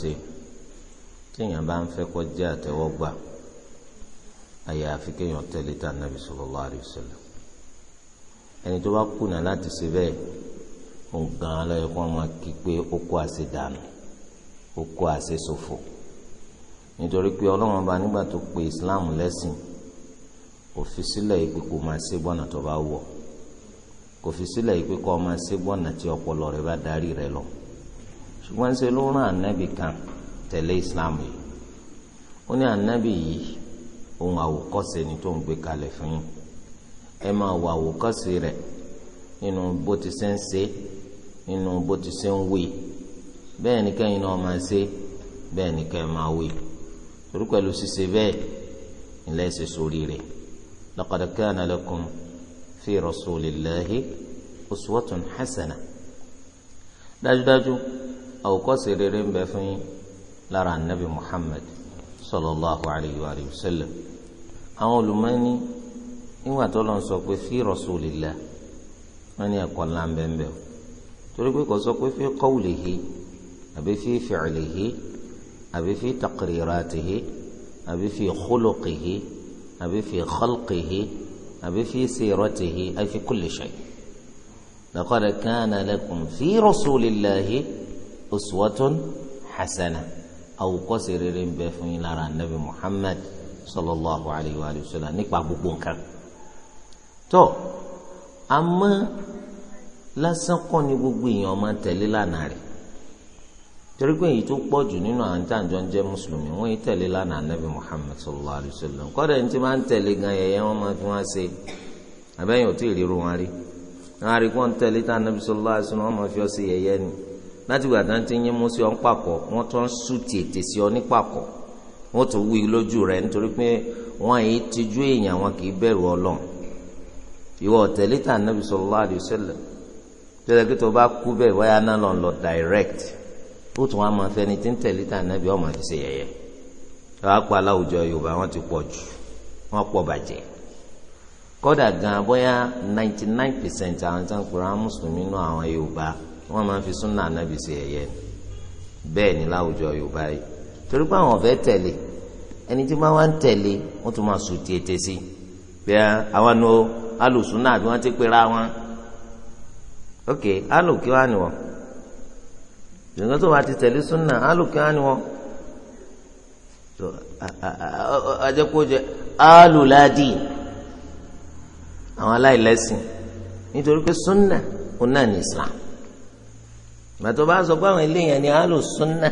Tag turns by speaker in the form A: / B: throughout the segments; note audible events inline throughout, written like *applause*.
A: ṣe téèyàn bá ń fẹ́ kó jẹ́ àtẹ́wọ́gbà àyàfi kéèyàn tẹ̀lé tà nàbì sallallahu alaihi wasallam ẹni tó bá kùnà láti ṣe bẹ́ẹ̀ nǹkan alẹ́ kó máa kí pé ó kó àṣẹ dànù ó kó àṣẹ ṣòfò nítorí pé ọlọ́run ọba nígbà tó pe Islam lẹ́sìn kò fi sílẹ̀ yìí pé kò máa ṣe bọ́nà tó bá wọ̀ kò fi sílẹ̀ yìí pé kò máa ṣe bọ́nà tí ọpọlọ rẹ bá darí rẹ lọ ṣùgbọ́n ṣe ló rán ànábì kan tẹ̀lé islam yìí ó ní ànábì yìí ohun àwòkọ́ṣe ni tó ń gbé kalẹ̀ fún yín ẹ máa wo àwòkọ́ṣe rẹ̀ nínú bó ti ṣe ń ṣe nínú bó ti ṣe ń wí bẹ́ẹ̀ ni kẹ́yìn náà máa ṣe bẹ́ẹ̀ ni kẹ́yìn máa wí torí pẹ̀lú ṣíṣe bẹ́ẹ̀ ilẹ̀ ṣe sórí rẹ̀ laqad kana lakum fi rasulillahi uswatun hasana dájúdájú àwòkọ́ṣe rere ń bẹ fún yín lára anabi muhammed sallallahu alayhi wa sallam àwọn olùmọ́ni nígbà tó lọ sọ pé fi rasulillah wọ́n ní ẹ̀kọ́ ńlá ń bẹ ń bẹ o torí pé kò sọ pé fi qawlihi àbí fi fi'lihi àbí fi taqriratihi àbí fi khuluqihi àbí fi khalqihi àbí fi siratihi àbí fi kulli shay laqad kana lakum fi rasulillahi. uswatun hasana àwòkọ́ṣe rere ń bẹ fún yín lára anabi muhammad sallallahu alayhi wa sallam nípa gbogbo nǹkan tó àmọ́ lásán kọ́ ni gbogbo èèyàn máa tẹ̀lé lánàá rẹ̀ torí pé èyí tó pọ̀ jù nínú àwọn tá à ń jọ mùsùlùmí wọ́n yìí tẹ̀lé lánàá nabi muhammad sallallahu alayhi wa sallam kọ́dà ní ti máa ń tẹ̀lé gan yẹ̀yẹ́ wọ́n máa fi wọ́n ṣe àbẹ́yìn ò tí ì ríru wọn rí wọn rí kí wọ́n tẹ̀lé tá nabi sallallahu alayhi wa sallam wọ́n máa fi ọ́ sí yẹ̀yẹ́ ni láti gbà tán ti ń yín mú sí ọ ń pàkọ́ wọ́n tún ń sùn tètè sí ọ ní pàkọ́ wọ́n tún wí lójú rẹ̀ nítorí pé wọ́n yìí tijú èèyàn wọn kì í bẹ̀rù ọlọ́run ìwọ ọ̀tẹ̀lẹ́ tà nàbì sallallahu alaihi wasallam tẹ́lẹ̀ kí tó bá kú bẹ́ẹ̀ wáyà náà lọ lọ direct ó tún wá máa fẹ́ni tí ń tẹ̀lé tà nàbì ọmọ fi ṣe yẹ̀yẹ́ wàá pa aláwùjọ yorùbá wọn ti pọ̀ jù wọn pọ̀ bàjẹ́ kódà gan bóyá ninety nine percent àwọn tó ń pera mùsùlùmí náà àwọn yorùbá wọn máa fi súnà ànábì ṣe ẹ̀yẹ bẹ́ẹ̀ ni láwùjọ yorùbá yìí torí pé àwọn ọ̀fẹ́ tẹ̀lé ẹni tí wọ́n wá ń tẹ̀lé wọ́n tún máa sùn tiẹ̀ tẹ̀ sí bí àwọn nu ti pera wọn ok alùkí wá ni tó ti tẹ̀lé súnà alùkí wá ni wọ́n so ajẹkọjẹ àwọn nítorí pé súnà ní islam gbàtọ́ bá sọ pé àwọn eléyàn ni àlò súnà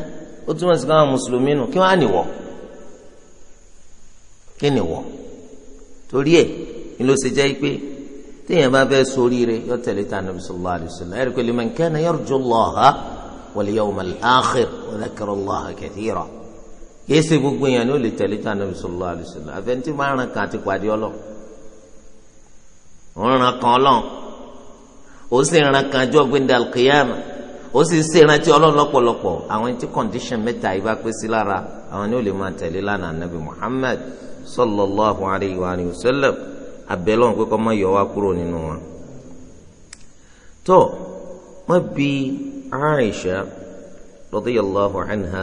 A: ó túmọ̀ sí káwọn mùsùlùmí nù kí wọ́n á nìwọ̀ kí nìwọ̀ torí ẹ̀ ni ló ṣe jẹ́ pé téèyàn bá fẹ́ ṣoríire yọ tẹ̀lé ta nàbì sallallahu alaihi wasallam ẹ̀rí pẹ̀lú man kana yarju Allaha wal yawmal akhir wa dhakara Allaha kathira kìí ṣe gbogbo èèyàn ni ó lè tẹ̀lé ta nàbì sallallahu alaihi wasallam máa ràn kàn àti pàdé ọlọ́ òun ràn kàn ọlọ́run ó sì ràn kàn jọ́ gbẹ̀ndàl ó sì ń ṣèrántí ọlọ́run lọ́pọ̀lọpọ̀ àwọn tí condition mẹ́ta yìí bá pé sí lára àwọn ni ó lè máa tẹ̀lé lánàá nabi muhammad sallallahu alayhi wa sallam abẹ́lọ́n pé kọ́ máa yọ wá kúrò nínú wọn. tó wọ́n bi aisha radiyallahu anha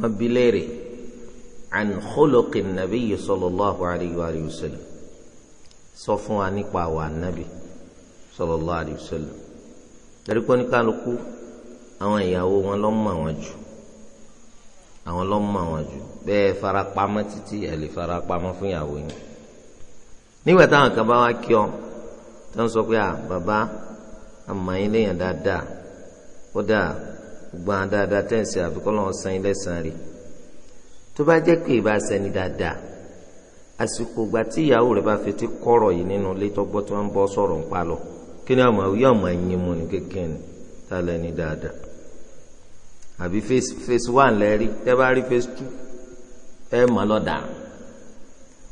A: wọ́n bi léèrè an khuluqi nabi sallallahu alayhi wa sallam sọ fún wa nípa àwa nabi sallallahu alayhi torí pé oníkálukú àwọn ìyàwó wọn ló mọ̀ wọ́n jù àwọn ló mọ̀ wọ́n jù bẹ́ẹ̀ farapamọ́ títí ẹ̀ lè farapamọ́ fún ìyàwó yín nígbà táwọn kan bá wá kí ọ tó ń sọ pé à bàbá àmọ́ yín léèyàn dáadáa kódà gbọ́n dáadáa tẹ̀sí àfikún lọ́wọ́ san ilé san rè tó bá jẹ́ pé ìbá sẹ́ni dáadáa àsìkò ìgbà tí ìyàwó rẹ̀ bá fetí kọ́rọ̀ yìí nínú ilé tọ́gbọ́ tí wọ́n ń bọ́ sọ̀rọ̀ ń kí ni àmọ́ yóò mọ ẹyin mu ní kékeré ni tá a lẹ ní dáadáa àbí phase phase one lẹ rí tẹ bá rí phase two ẹ mọ lọ́dà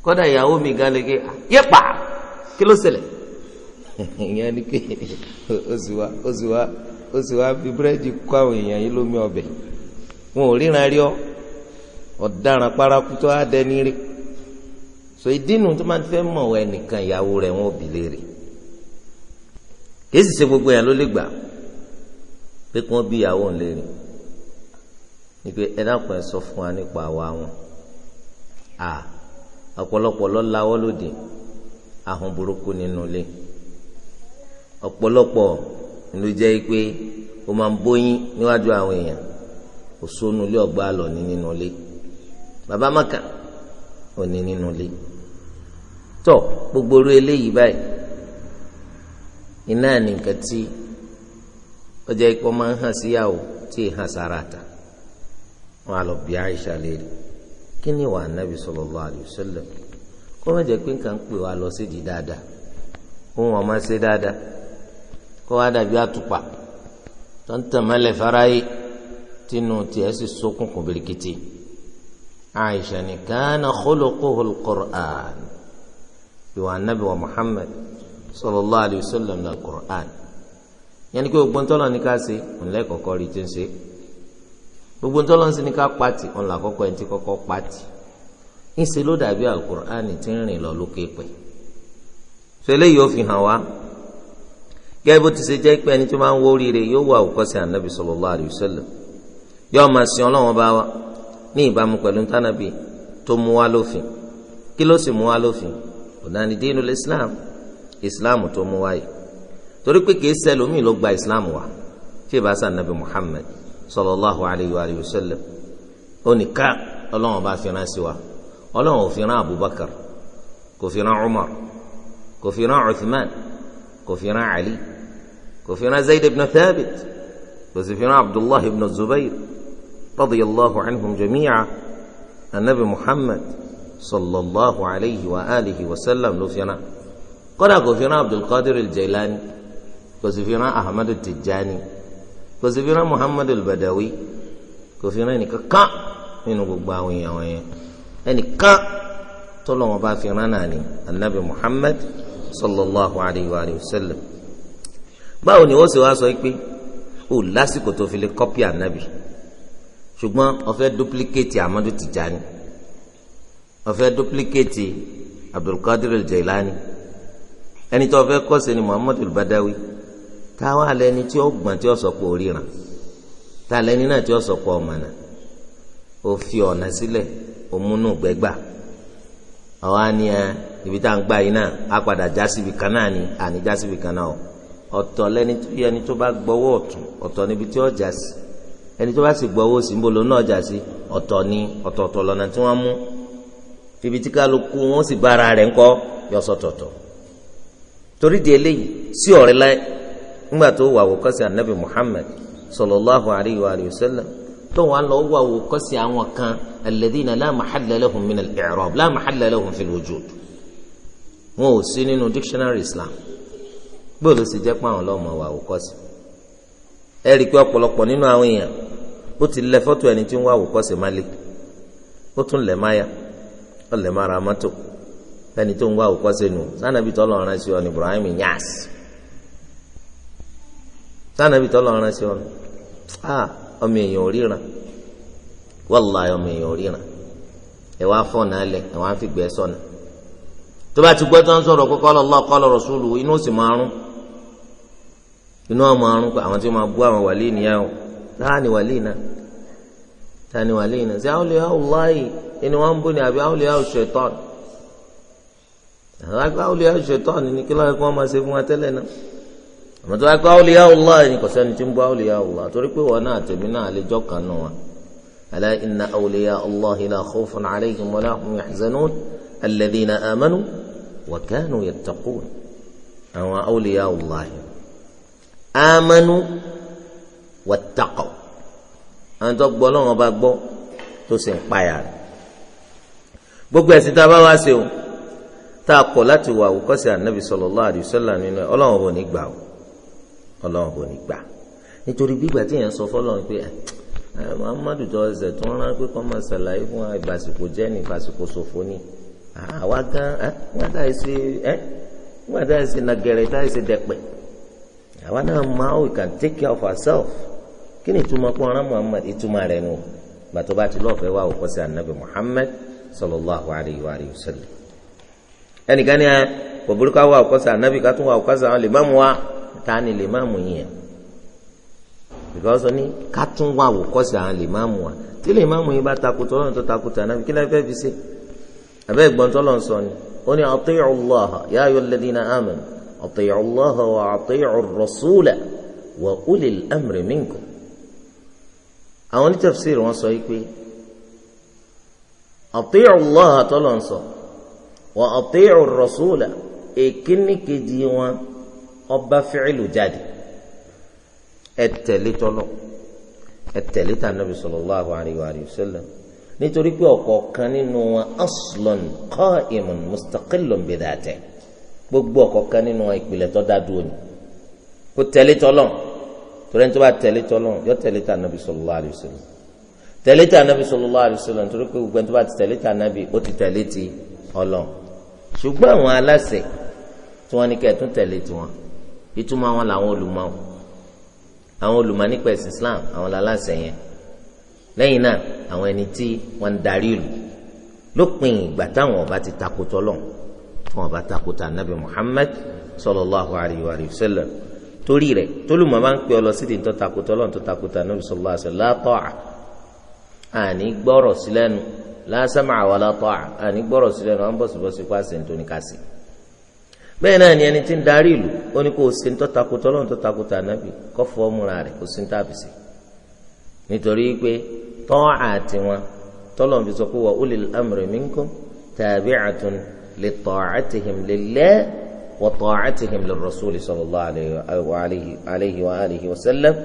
A: kọ́dà ìyàwó mi gan leke ah, yẹpa kí ló ṣẹlẹ̀ *laughs* ìyẹn ni pé oṣù wa oṣù wa oṣù wa fi búrẹ́dì kọ́ àwọn èèyàn yìí lómi ọbẹ̀ wọn ò ríran rí ọ ọ̀daràn paraku tó so ìdí nu tó máa ti fẹ́ mọ̀ ọ́ ẹnìkan ìyàwó rẹ̀ wọn ò bì léèrè kìí sì ṣe gbogbo yẹn ló lè gbà pé kí wọ́n bí ìyàwó ń lérí ni pé ẹ dákun ẹ sọ fún wa nípa àwa wọn à ọ̀pọ̀lọpọ̀ ló lawọ́ lóde ahun burúkú nínú ilé ọ̀pọ̀lọpọ̀ ló jẹ́ pé ó máa ń bóyín níwájú àwọn èèyàn òṣónú ilé ọgbà lọ ní nínú ilé bàbá maka ò ní nínú ilé tọ gbogbo orí eléyìí báyìí iná nìkan tí ó jẹ́ ipò máa ń hàn síyàwó tí ì hàn sára ta wọn àlọ́ bí Aisha léèrè kí ni ìwà anábì sallallahu alaihi wasallam kó má jẹ́ pé nǹkan ń pè wá lọ sídìí dáadáa ohun ọmọ ṣe dáadáa kó wá dàbí àtùpà tó ń tàn mọ́lẹ̀ fáráyé tínú tiẹ̀ sì ṣókùnkùn birikiti Aisha ni kana khuluquhul Qur'an ìwà anábì wa Muhammad sallallahu alayhi wa sallam ní alukur'an yẹn ni pé gbogbo ntọ́lọ́ ní ká ṣe ńlẹ́ kọ̀kọ́ rí ti ń ṣe gbogbo ntọ́lọ́ ní ká pati ńlá kọ́kọ́ ẹni tí kọ́kọ́ pati ńṣe ló dàbí alukur'an tí ń rìn lọ lókè pẹ̀ fẹlẹ́ yóò fi hàn wá gẹ́gẹ́ bó ti ṣe jẹ́ pé ẹni tó máa ń wó rire yóò wá àwòkọ́ṣe ànábì sallallahu alayhi wa sallam yóò máa sin ọlọ́wọ́n bá wa ní ìbámu pẹ̀lú ntánàbì tó mú wá lófin kí ló sì mú wá lófin ọ̀nà ni dínú Islam islam tó mú wáyé torí pé kìí sẹlómi ló gba islam wa tí ìbá sàn nàbì muhammed sallallahu alayhi wa sallam oníkà ọlọ́run bá fi rán sí wa ọlọ́run ò fi rán abubakar kò fi rán umar kò fi rán uthman kò fi rán ali kò fi rán zayd ibn thabit kò sì fi rán abdullahi ibn zubair radiyallahu anhum jamiya anabi muhammad sallallahu alayhi wa sallam ló fi kódà kò fi rán abdulkadir al-jailani kò sì fi rán ahmadu tijani kò sì fi rán muhammadu al-badawi kò fi rán ẹnìkan kan nínú gbogbo àwọn èèyàn wọn yẹn ẹnìkan tọ́lọ̀ wọn bá fi rán náà ni anabi muhammad sallallahu alayhi wa sallam báwo ni wọ́n sì wá sọ pé ó lásìkò tó fi lè kọ́pì anabi ṣùgbọ́n ó duplicate ahmadu tijani ó duplicate abdulkadir jailani ẹni tó fẹ́ kọ́ sẹ́ni muhammadu badawi táwa lẹni tí ó gbọ́n tí ó sọ pé oríran tá lẹni náà tí ó sọ pé ọmọnà ó fi ọ̀nà sílẹ̀ ó múnú gbẹ́gbà àwa ni ẹ ibi tá à ń gbà yìí náà á padà já síbi kan náà ni àní já síbi kan náà o ọ̀tọ̀ lẹni tó yẹ ẹni tó bá gbọ́wọ́ ọ̀tún ọ̀tọ̀ níbi tí ó já sí ẹni tó bá sì gbọ́wọ́ sí níbo lòun náà já sí ọ̀tọ̀ ni ọ̀tọ̀ọ̀tọ̀ lọ́nà tí wọ́n mú ibi tí kálukú wọn sì bára rẹ̀ ńkọ́ yọ sọ̀tọ̀tọ̀. So torí di eléyìí sí ọ̀rẹ́ láyé ńgbà tó wà wò kọ́sí anabi muhammed sallallahu alayhi wa sallam tó wà lọ wà wò kọ́sí àwọn kan alladhina la mahalla lahum min al-i'rab la mahalla lahum fil wujud wọn ò sí nínú dictionary islam gbọ́dọ̀ sì jẹ́ pé àwọn ọlọ́mọ wà wò kọ́sí ẹ rí i pé ọ̀pọ̀lọpọ̀ nínú àwọn èèyàn ó ti lẹ fọ́tò ẹni tí ń wà wò kọ́sí má lé ó tún lẹ̀ máa ya ó lẹ̀ máa ra mọ́tò lẹ́ni tó ń wá òkọ́ sínú sànàbí tọ́lọ̀ ọ̀ràn sí ọ ní Ibrahim Niass sànàbí tọ́lọ̀ ọ̀ràn sí ọ ọmọ èèyàn ò ríran wàláhì ọmọ èèyàn ò ríran ẹ wá fọ̀nà alẹ̀ ẹ wá fi gbẹ́ sọ̀nà tó bá ti gbọ́ tó ń sọ̀rọ̀ pé qala Allah qala Rasulu inú ó sì máa rún inú ọmọ àrùn pé àwọn tí wọ́n máa bú àwọn wàlíì nìyà o táà wàlíì náà táà wàlíì náà sí àwọn olùyàwó láàyè ẹni wọ́n ń bú ni àbí àwọn olùyàwó ṣaitan àwọn akpa awliya ṣaitan ni kí lóye kí wọ́n máa ṣe fún wa tẹ́lẹ̀ náà àmọ́ tó akpa awliya Allah ni kò sẹ́ni tí ń bọ́ awliya Allah torí pé wọn náà tèmi náà àlejò kan nù wa ala inna awliya Allah la khawfun alayhim wa la hum yahzanun amanu wa kanu yattaqun àwọn awliya Allah amanu wattaqaw àwọn tó gbọ́ lọ́wọ́ bá gbọ́ tó sì ń payà rẹ̀ gbogbo ẹ̀sìn tá a bá tá a kọ̀ láti wà àwòkọ́sí ànábì sallallahu alaihi wasallam nínú ẹ̀ ọlọ́run bò ní gbà ó ọlọ́run bò ní gbà nítorí gbígbà tí èèyàn sọ fọlọ́run pé muhammadu tó ẹsẹ̀ tó ń rán pé kọ́ máa ṣàlàyé fún wa ìbásíkò jẹ́ ní ìbásíkò ṣòfò ni àwa gan ẹ́ nígbà tá ìṣe ẹ́ nígbà tá ìṣe nàgẹ̀rẹ̀ tá ìṣe dẹ̀pẹ̀ àwa náà máa we can take care of ourselves kí ni ìtumọ̀ pé ọ̀rán muhammad ìtumọ̀ rẹ̀ nù gbàtọ́ bá ti lọ́ọ̀fẹ́ wà òkọ́sí ànábì muhammad sallallahu alayhi wa sallam ẹnìkan ní ẹ kò burúkú àwọn àwòkọ́sà ànábì ká tún wọ àwòkọ́sà àwọn lè má mu wa ta ni lè má mu yẹn because ní ká tún wọ àwòkọ́sà àwọn lè má mu wa tí lè má mu yẹn bá takùtà ọlọ́run tó takùtà ànábì kí lè fẹ́ fi ṣe abẹ́ ìgbọ́ntọ́ lọ́n sọ ni ó ní ati'u Allah ya ayyuhal ladhina amanu ati'u Allah wa ati'u ar-rasula wa ulil amri minkum àwọn onítẹ̀fẹ́sì wọn sọ yìí pé ati'u Allah tọ́lọ́ sọ wa ati'u rasula èkíní kejì wọn ọba fìcìlù jáde ẹ tẹ̀lé tọ́lọ̀ ẹ tẹ̀lé tà nàbì sallallahu alayhi wa sallam nítorí pé ọ̀kọ̀ọ̀kan nínú wọn aslun qa'imun mustaqillun bidhatihi gbogbo ọ̀kọ̀ọ̀kan nínú wọn ìpìlẹ̀ tó dá dúró ni kó tẹ̀lé tọ́lọ̀ torí ẹni tó bá tẹ̀lé tọ́lọ̀ yọ tẹ̀lé tà nàbì sallallahu alayhi tẹ̀lé tà nàbì sallallahu alayhi nítorí pé gbogbo ẹni tó bá tẹ̀lé tà ó ti tẹ̀lé ti Ọlọ́run ṣùgbọ́n àwọn aláṣẹ tí wọ́n ní kẹ́ ẹ̀ tún tẹ̀lé tiwọn ìtumọ̀ àwọn làwọn olùmọ̀ àwọn olùmọ̀ nípa ẹ̀sìn Islam àwọn làláṣẹ yẹn lẹ́yìn náà àwọn ẹni tí wọ́n ń darí ìlú lópin ìgbà táwọn ọba ti takotọ́ lọ wọn ọba takotọ́ anabi Muhammad sallallahu alayhi wa sallam torí rẹ̀ tólùmọ̀ máa ń pè ọ lọ sídìí tó takotọ́ lọ́n tó takotọ́ anabi sallallahu alayhi wa sallam àní gbọ́rọ̀ sílẹ̀nu la sam'a wala ta'a àní gbọ́rọ̀ sílẹ̀ náà wọ́n bọ̀ síbọ̀ sí pàṣẹ ní tóní kásì. bẹ́ẹ̀ náà ni ẹni tí ń darí ìlú ó ní kó o ṣe ń tọ́takò tọ́lọ́run tọ́takò tà nábì kọ́ fọ́ múra rẹ̀ kó o ṣe ń tàbísì. nítorí pé tọ́wọ́ àti wọn tọ́lọ́run fi sọ pé wa ulil amri minkum tabi'atun li ta'atihim lillah wa ta'atihim lirrasuli sallallahu alayhi wa alihi wa sallam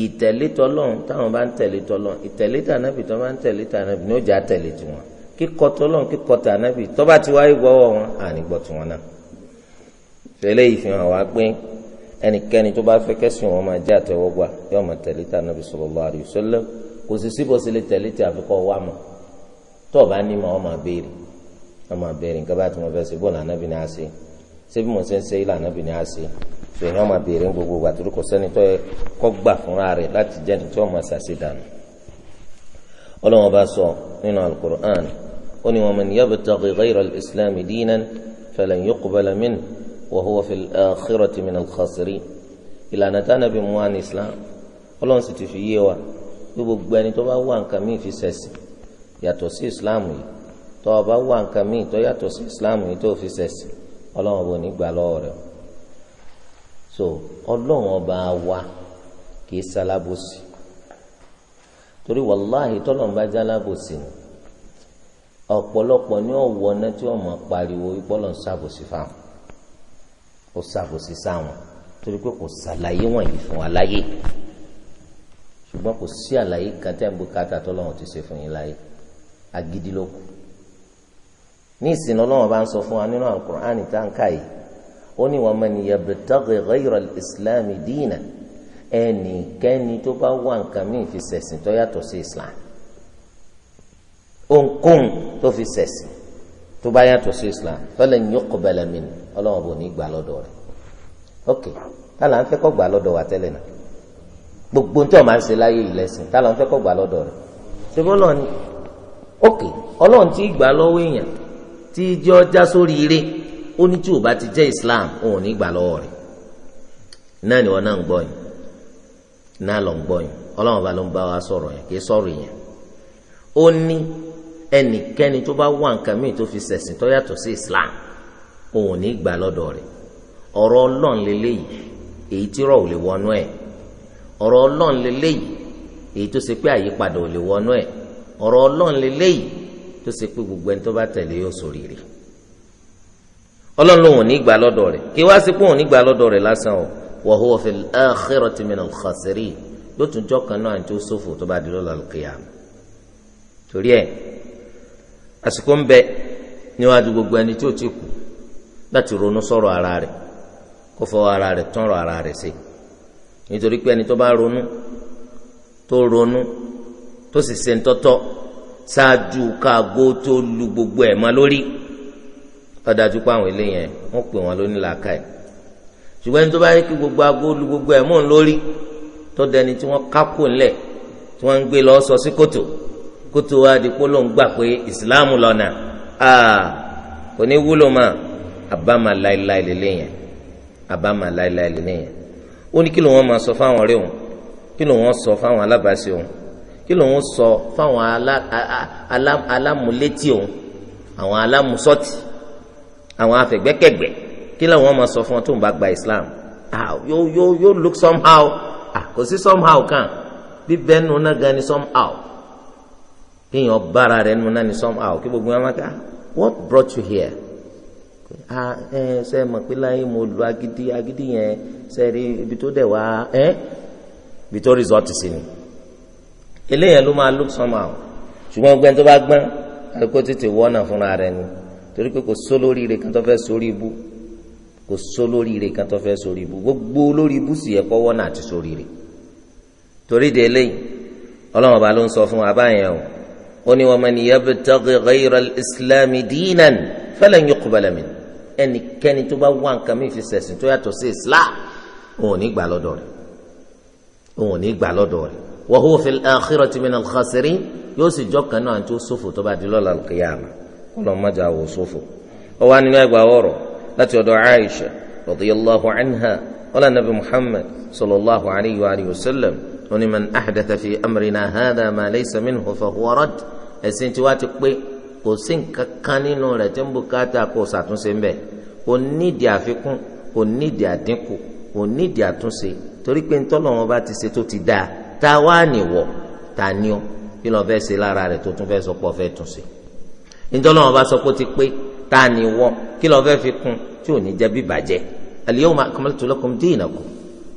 A: ìtẹ̀lé tọlọ́run táwọn bá ń tẹ̀lé tọlọ́run ìtẹ̀lé tànàbì tó bá ń tẹ̀lé tànàbì ní ọjà tẹ̀lé tiwọn kíkọ tọlọ́run kíkọ tànàbì tó bá ti wáyé gbọ́wọ́ wọn ànígbọ́ tiwọn náà. fẹlẹ́ ìfihàn wá pé ẹnikẹ́ni tó bá fẹ́ kẹ́sìn wọn máa jẹ́ àtẹwọ́gbà yóò máa tẹ̀lé tànàbì sallallahu alaihi wasallam kò sì síbò sí lè tẹ̀lé tí àfikọ́ wà mọ́ tó o ọ èèyàn máa béèrè ń gbogbo àtúrò kò sẹ́ni tó yẹ kó gbà fúnra rẹ̀ láti jẹ́ ní tí wọ́n máa ṣàṣe dànù. ọlọ́wọ́n bá sọ nínú alukur'an ó ní wa man yabtaghi ghayra al-islam dinan falan yuqbala min wa huwa fil akhirati min al-khasirin. ìlànà tánàbí mu wá ní islam ọlọ́run sì ti fi yé wa bí gbogbo ẹni tó bá wá nǹkan míì fi ṣẹ̀sìn yàtọ̀ sí islam yìí tó bá wá nǹkan míì tó yàtọ̀ sí islam yìí tó fi ṣẹ̀sìn ọlọ́run bò ní gbà lọ́wọ́ rẹ̀ o so ọlọ́run ọba wa kì í sálábòsì torí wàláhì tọ́lọ́run bá jálábòsì ni ọ̀pọ̀lọpọ̀ ní ọ̀wọ́ ọ̀nà tí wọ́n mọ̀ pariwo ìpọ́lọ̀ ń ṣàbòsí fáwọn ó ṣàbòsí sáwọn torí pé kò ṣàlàyé wọ̀nyí fún wa láyé ṣùgbọ́n kò sí àlàyé kan tẹ́ ń bu kátà tọ́lọ́run ti ṣe fún yín láyé agídí ní ìsìn ọlọ́run bá ń sọ fún wa nínú Al-Qur'ani ń kà ó ní wa man yabtaghi ghayra al-islam dina ẹnikẹ́ni tó bá wá nǹkan míì fi ṣẹ̀sìn tó yàtọ̀ sí islam ohunkóhun tó fi ṣẹ̀sìn tó bá yàtọ̀ sí islam falan yuqbala min ọlọ́wọ́n bò ní gbà lọ́dọ̀ rẹ̀ ok tálà ń fẹ́ kọ́ gbà lọ́dọ̀ wa tẹ́lẹ̀ náà gbogbo tí wọ́n máa ń ṣe láyé ìlẹ́sìn tálà ń fẹ́ kọ́ gbà lọ́dọ̀ rẹ̀ ṣé bọ́lọ̀ ni ok ọlọ́run tí gbà lọ́wọ́ èèyàn tí ìjọ já sórí ire ó ní tí ò bá ti jẹ́ islam òun ní gbà lọ́wọ́ rẹ̀ náà ni wọn náà ń gbọ́ yìí náà lọ ń gbọ́ yìí ọlọ́run bá ló ń bá wa sọ̀rọ̀ yẹn kì í sọ̀rọ̀ yẹn ó ní ẹnikẹ́ni tó bá wá nǹkan míì tó fi ṣẹ̀sìn tó yàtọ̀ sí islam òun ní gbà lọ́dọ̀ rẹ̀ ọ̀rọ̀ ọlọ́run lélẹ́yìí èyí tí rọ̀ ò lè wọnú ẹ̀ ọ̀rọ̀ ọlọ́run lélẹ́yìí èyí tó ṣe pé àyípadà ò lè wọnú ẹ̀ ọ̀rọ̀ ọlọ́run lélẹ́yìí tó ṣe pé gbogbo ẹni tó bá tẹ̀lé yóò ṣoríire ọlọ́run lòun ò ní gbà lọ́dọ̀ rẹ̀ kí wá sí pé òun ní gbà lọ́dọ̀ rẹ̀ lásán o wa huwa fil akhirati minal khasirin yóò tún jọ́ kan náà tó ṣòfò tó bá di lọ́la lùkìyà torí ẹ̀ àsìkò ń bẹ níwájú gbogbo ẹni tí ó ti kú láti ronú sọ̀rọ̀ ara rẹ̀ kó fọwọ́ ara rẹ̀ tọ́rọ̀ ara rẹ̀ sí nítorí pé ẹni tó bá ronú tó ronú tó sì ṣe ń tọ́tọ́ ṣáájú káàgó tó lu gbogbo ẹ̀ mọ́ lórí ọdájú pé àwọn eléyẹn wọn pè wọn lóní làákàyè ṣùgbọ́n ẹni tó bá yẹ kí gbogbo agóòlù gbogbo ẹ̀ mọ̀ ń lórí tó dẹni tí wọ́n kákò ńlẹ̀ tí wọ́n ń gbé lọ sọ sí kòtò kòtò wa di pé lóun gbà pé ìsìláàmù lọ́nà kò ní wúlò mọ́ àbámà láéláé lélẹ́yìn àbámà láéláé lélẹ́yìn ó ní kí ló wọn máa sọ fáwọn ọ̀rẹ́ òun kí ló wọn sọ fáwọn alábàáṣe òun kí ló wọn sọ fáwọn alámúlétí òun àwọn alámúsọ́tì àwọn afẹ̀gbẹ́kẹ̀gbẹ́ kí làwọn máa sọ fún ọ tó ń bá gba islam ah yóò yóò yóò look somehow ah kò sí somehow kan bíbẹ́ nu náà gan ni somehow kéèyàn bára rẹ̀ nu náà ni somehow kí gbogbo wọn máa ká what brought you here ah ẹ ṣe mọ̀ pé láyé mo lu agídí agídí yẹn ṣe rí ibi tó dẹ̀ wá ẹ ibi tó resort sí ni eléyẹn ló máa look somehow ṣùgbọ́n gbẹ́ni tó bá gbọ́n àìkú tètè wọ́nà fúnra rẹ̀ ni torí pé kò só lórí ire kan tó fẹ́ sórí ibú kò só lórí ire kan tó fẹ́ sórí ibú gbogbo lórí ibú sì yẹ kọ́wọ́ náà ti sórí ire torí de eléyìí ọlọ́run ọba ló ń sọ fún wa báyẹn o ó ní wa man yabtaghi ghayra al-islami dinan falan yuqbala min ẹnikẹ́ni tó bá wá nǹkan mi fi ṣẹ̀sìn tó yàtọ̀ sí islam òun ò ní gbà lọ́dọ̀ rẹ̀ òun ò ní gbà lọ́dọ̀ rẹ̀ wa huwa fil akhirati min al yóò sì jọ́ kan tó ṣòfò tó bá di lọ́la al kọlọ mọjà wò sófò ó wà nínú ẹgbàá ọ̀rọ̀ láti ọ̀dọ̀ Aisha radiyallahu anha wala nabi Muhammad sallallahu alayhi wa alihi wa sallam oní man ahdatha fi amrina hadha ma laysa minhu fahuwa rad ẹ̀sìn tiwa ti pé kò sí nǹkan kan nínú rẹ̀ tí ń bùkátà kó ṣàtúnṣe ń bẹ kò nídìí àfikún kò nídìí àdínkù kò nídìí àtúnṣe torí pé ntọ́lọ̀ wọn bá ti ṣe tó ti dáa tá a wá nìwọ̀ tá a ní kí lọ́ọ́ fẹ́ ṣe lára rẹ̀ tó tún fẹ́ sọ pé ọ fẹ́ túnṣe nítorí wọn bá sọ pé ó ti pé tá a ní wọ kí lọ́ọ́ fẹ́ fi kún tí ò ní jẹ́ bí bàjẹ́ al-yawma akmaltu lakum dinakum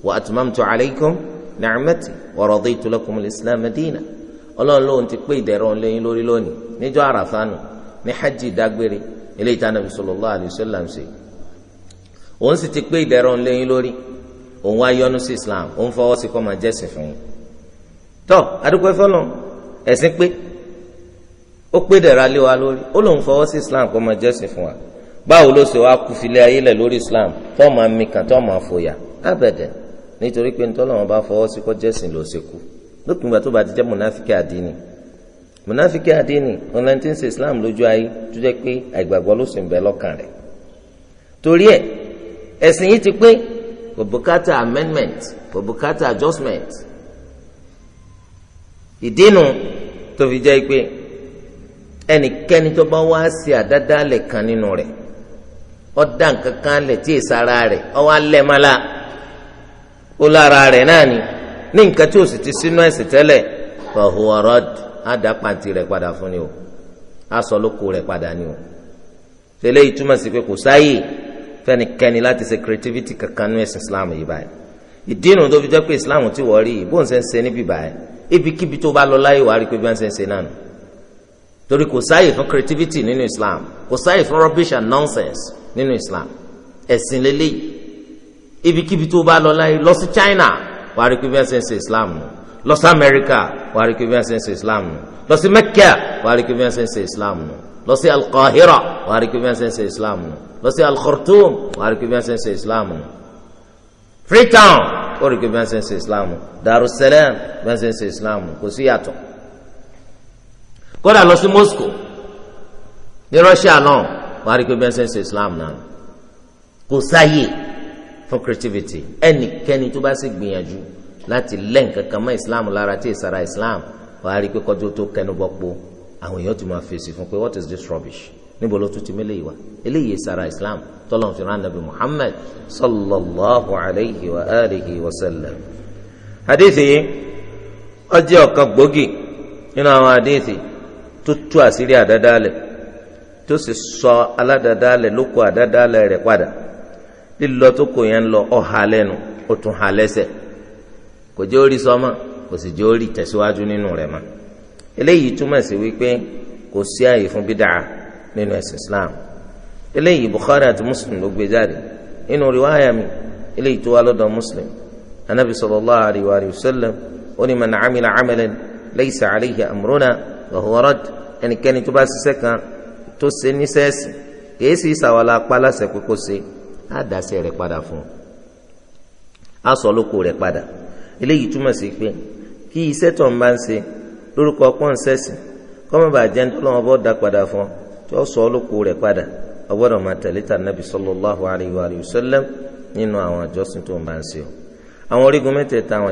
A: wa atmamtu alaykum ni'mati wa raditu lakum al-islam dinan ọlọ́run lóhun ti pé ìdẹ̀rọ̀ lẹ́yìn lórí lónìí níjọ́ àràfáànù ní hajj dágbére eléyìí tá nàbì sallallahu alayhi wa sallam ṣe òun sì ti pé ìdẹ̀rọ̀ lẹ́yìn lórí òun wá yọ́nú sí islam òun fọwọ́ sí kọ́ máa jẹ́sìn fún yín tọ́ adúpẹ́ fọlọ́ ó pé dẹ̀ra lé wa lórí ó lòun fọwọ́ sí islam kó máa jẹ́sìn fún wa báwo ló ṣe wá kú filẹ̀ ayé lẹ̀ lórí islam tó máa mi kàn tó máa fòyà abẹ́dẹ̀ nítorí pé nítorí wọn bá fọwọ́ sí kó jẹ́sìn ló ṣe kú lópin ìgbà tó bá ti jẹ́ mùnáfíkì àdínì mùnáfíkì àdínì ọ̀nà tí ń ṣe islam lójú ayé tó jẹ́ pé àìgbàgbọ́ ló sì ń bẹ lọ́kàn rẹ̀ torí ẹ̀ ẹ̀sìn yìí ti pé kò amendment kò adjustment ìdínú tó fi jẹ́ pé ẹnikẹ́ni tó bá wá sí àdádálẹ̀ kan nínú rẹ̀ ọ̀dà nǹkan kan lẹ̀ tí èsì ara rẹ̀ ọwọ́ alẹ́ máa la ó lára rẹ̀ náà ni ní nǹkan tí ó sì ti sínú ẹ̀sìn tẹ́lẹ̀ fahuwa rad á dá rẹ̀ padà fún ni o á lóko rẹ̀ padà ni o tẹ́lẹ̀ yìí túmọ̀ sí pé kò sáyè fẹ́nikẹ́ni láti ṣe creativity kankan nínú ẹ̀sìn Islam yìí báyìí ìdí ìrùn tó fi jẹ́ pé Islam ti wọ̀ rí yìí bó ń ṣe ń ṣe níbí báyìí ibikíbi tó bá lọ láyé wàá rí pé bí wọ́n ṣe ń ṣe náà nù torí kò sáàyè fún creativity nínú islam kò sáàyè fún rubbish and nonsense nínú islam ẹ̀sìn lélẹ́yìí ibikíbi tó bá lọ láyé lọ sí china wàá rí pé bí ṣe islam nù lọ sí america wàá rí pé bí ṣe islam nù lọ sí mecca wàá rí pé bí ṣe islam nù lọ sí alqahira wàá rí pé bí ṣe islam nù lọ sí alkhortum wàá rí pé bí ṣe islam nù freetown wàá rí pé bí ṣe islam nù darussalam bí wọ́n ṣe ṣe islam nù kò sí yàtọ̀ kódà lọ sí Moscow ní Russia náà wà á rí i pé bẹ́ẹ̀ ṣe Islam náà kò sáyè fún creativity ẹnikẹ́ni tó bá sì gbìyànjú láti lẹ́ nǹkan kan mọ́ Islam lára tí ìsara Islam wà á rí i pé kọjú tó kẹnu bọ́ po àwọn èèyàn ti máa fèsì fún pé what is this rubbish níbo ló tún ti mélé ìwà eléyìí ìsara Islam tọ́lọ̀ fi rán nàbì Muhammad sallallahu alayhi wa alihi wa sallam. hadithi ọjọ́ ọ̀kan gbòógì nínú àwọn hadithi tó tú àṣírí àdádálẹ̀ tó sì sọ aládàdálẹ̀ lóko àdádálẹ̀ rẹ̀ padà lílọ tó kò yẹn lọ ọ̀hà lẹ́nu ó tún hà lẹ́sẹ̀ kò jẹ́ orí sọmọ kò sì jẹ́ orí tẹ̀síwájú nínú rẹ̀ mọ́ eléyìí túmọ̀ sí wípé kò sí àyè fún bídàá nínú ẹ̀sìn Islam eléyìí Bukhari àti Muslim ló gbé jáde nínú riwaya mi eléyìí tó wá lọ́dọ̀ Muslim anabi sallallahu alayhi wa sallam ó ní man amila amalan laysa alayhi amruna ọ̀hún rad ẹnikẹ́ni tó bá ṣiṣẹ́ kan tó ṣe ní sẹ́ẹ̀sì kìí sì ṣàwọlá apá láṣẹ pé kó ṣe á dáṣẹ rẹ̀ padà fún un á sọ lóko rẹ̀ padà eléyìí túmọ̀ sí pé kí iṣẹ́ tó ń bá ń ṣe lórúkọ pọ́n sẹ́ẹ̀sì kọ́mọ̀ jẹ́ nítorí wọn bọ́ da padà fún ọ tó sọ lóko rẹ̀ padà ọgbọ́dọ̀ máa tẹ̀lé tà nàbì sallallahu alayhi wa sallam nínú àwọn àjọsìn tó ń bá ń ṣe o àwọn orígun mẹ́tẹ̀ẹ̀ta àwọn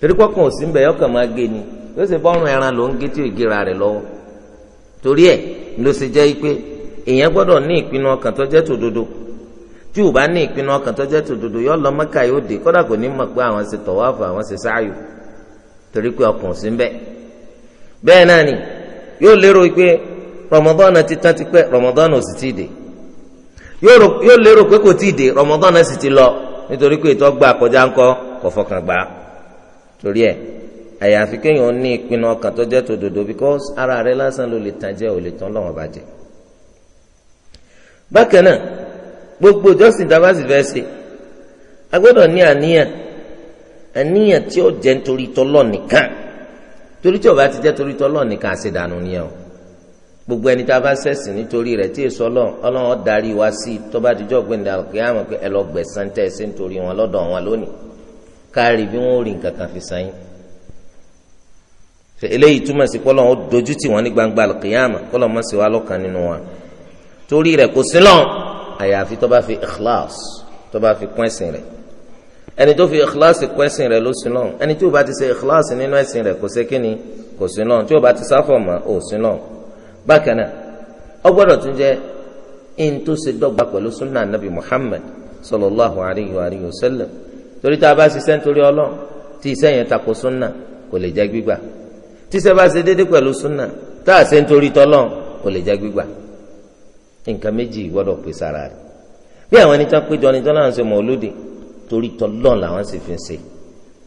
A: torí kọ́kàn ò sí yọkàn máa gé ni yóò ṣe bọ́ọ̀rùn ẹran ló ń gé tí ìgéra rẹ̀ lọ́wọ́ torí ẹ̀ ló ṣe jẹ́ pé èèyàn gbọ́dọ̀ ní ìpinnu ọkàn tó jẹ́ tòdodo bá ní ìpinnu ọkàn tó jẹ́ tòdodo lọ Mẹ́kà yóò dé kò ní mọ̀ pé àwọn àwọn ṣe sáàyò torí pé ọkàn bẹ́ẹ̀ náà yóò lérò pé ti tán ti pé kò torí ẹ àyàfi kéèyàn ní ìpinnu ọkàn tó jẹ́ tòdodo because ara rẹ lásán ló lè tàn jẹ́ ò lè tán lọ́wọ́n bàjẹ́. bákan náà gbogbo ìjọsìn tá a bá sì fẹ́ ṣe a gbọ́dọ̀ ní àníyàn àníyàn tí ó jẹ́ nítorí tọ́lọ́ nìkan torí tí ó bá ti jẹ́ torí tọ́lọ́ nìkan àṣedànù nìyẹn o gbogbo ẹni tá a bá ṣẹ̀sìn nítorí rẹ̀ tí èso ọlọ́run darí wa sí tó bá gbẹ̀ndà kí á mọ̀ pé ẹ lọ gbẹ̀san tẹ̀ ṣe nítorí wọn lọ́dọ̀ wọn lónìí kárí bí wọ́n ò rí nǹkan kan fi san yín eléyìí túmọ̀ sí kọ́lọ́ ó dojú tì wọ́n ní gbangba alqiyama kọ́lọ́ mọ̀ sí wa lọ́kàn nínú wa torí rẹ̀ kò sí lọ́n àyàfi tó bá fi ikhlas tó bá fi kún ẹ̀sìn rẹ̀ ẹni tó fi ikhlas kún ẹ̀sìn rẹ̀ ló sí lọ́n ẹni tí ó bá ti ṣe ikhlas nínú ẹ̀sìn rẹ̀ kò sí kíni kò sí lọ́n tí ó bá ti sáfọ̀ mọ́ ò sí lọ́n bákan náà ó gbọ́dọ̀ tún jẹ́ in tó ṣe dọ́gba pẹ̀lú sunnah nabi Muhammad sallallahu alayhi wa sallam torí tá a bá ṣiṣẹ́ nítorí ọlọ́run tí iṣẹ́ yẹn tako súnà kò lè jẹ́ gbígbà tí iṣẹ́ bá ṣe déédéé pẹ̀lú súnà tá a ṣe nítorí tọ́lọ́run kò lè jẹ́ gbígbà nǹkan méjì gbọ́dọ̀ pè sára rẹ̀ bí àwọn ẹni tán péjọ ni tán náà ń ṣe mọ̀lúdì torí tọ́lọ́run làwọn sì fi ń ṣe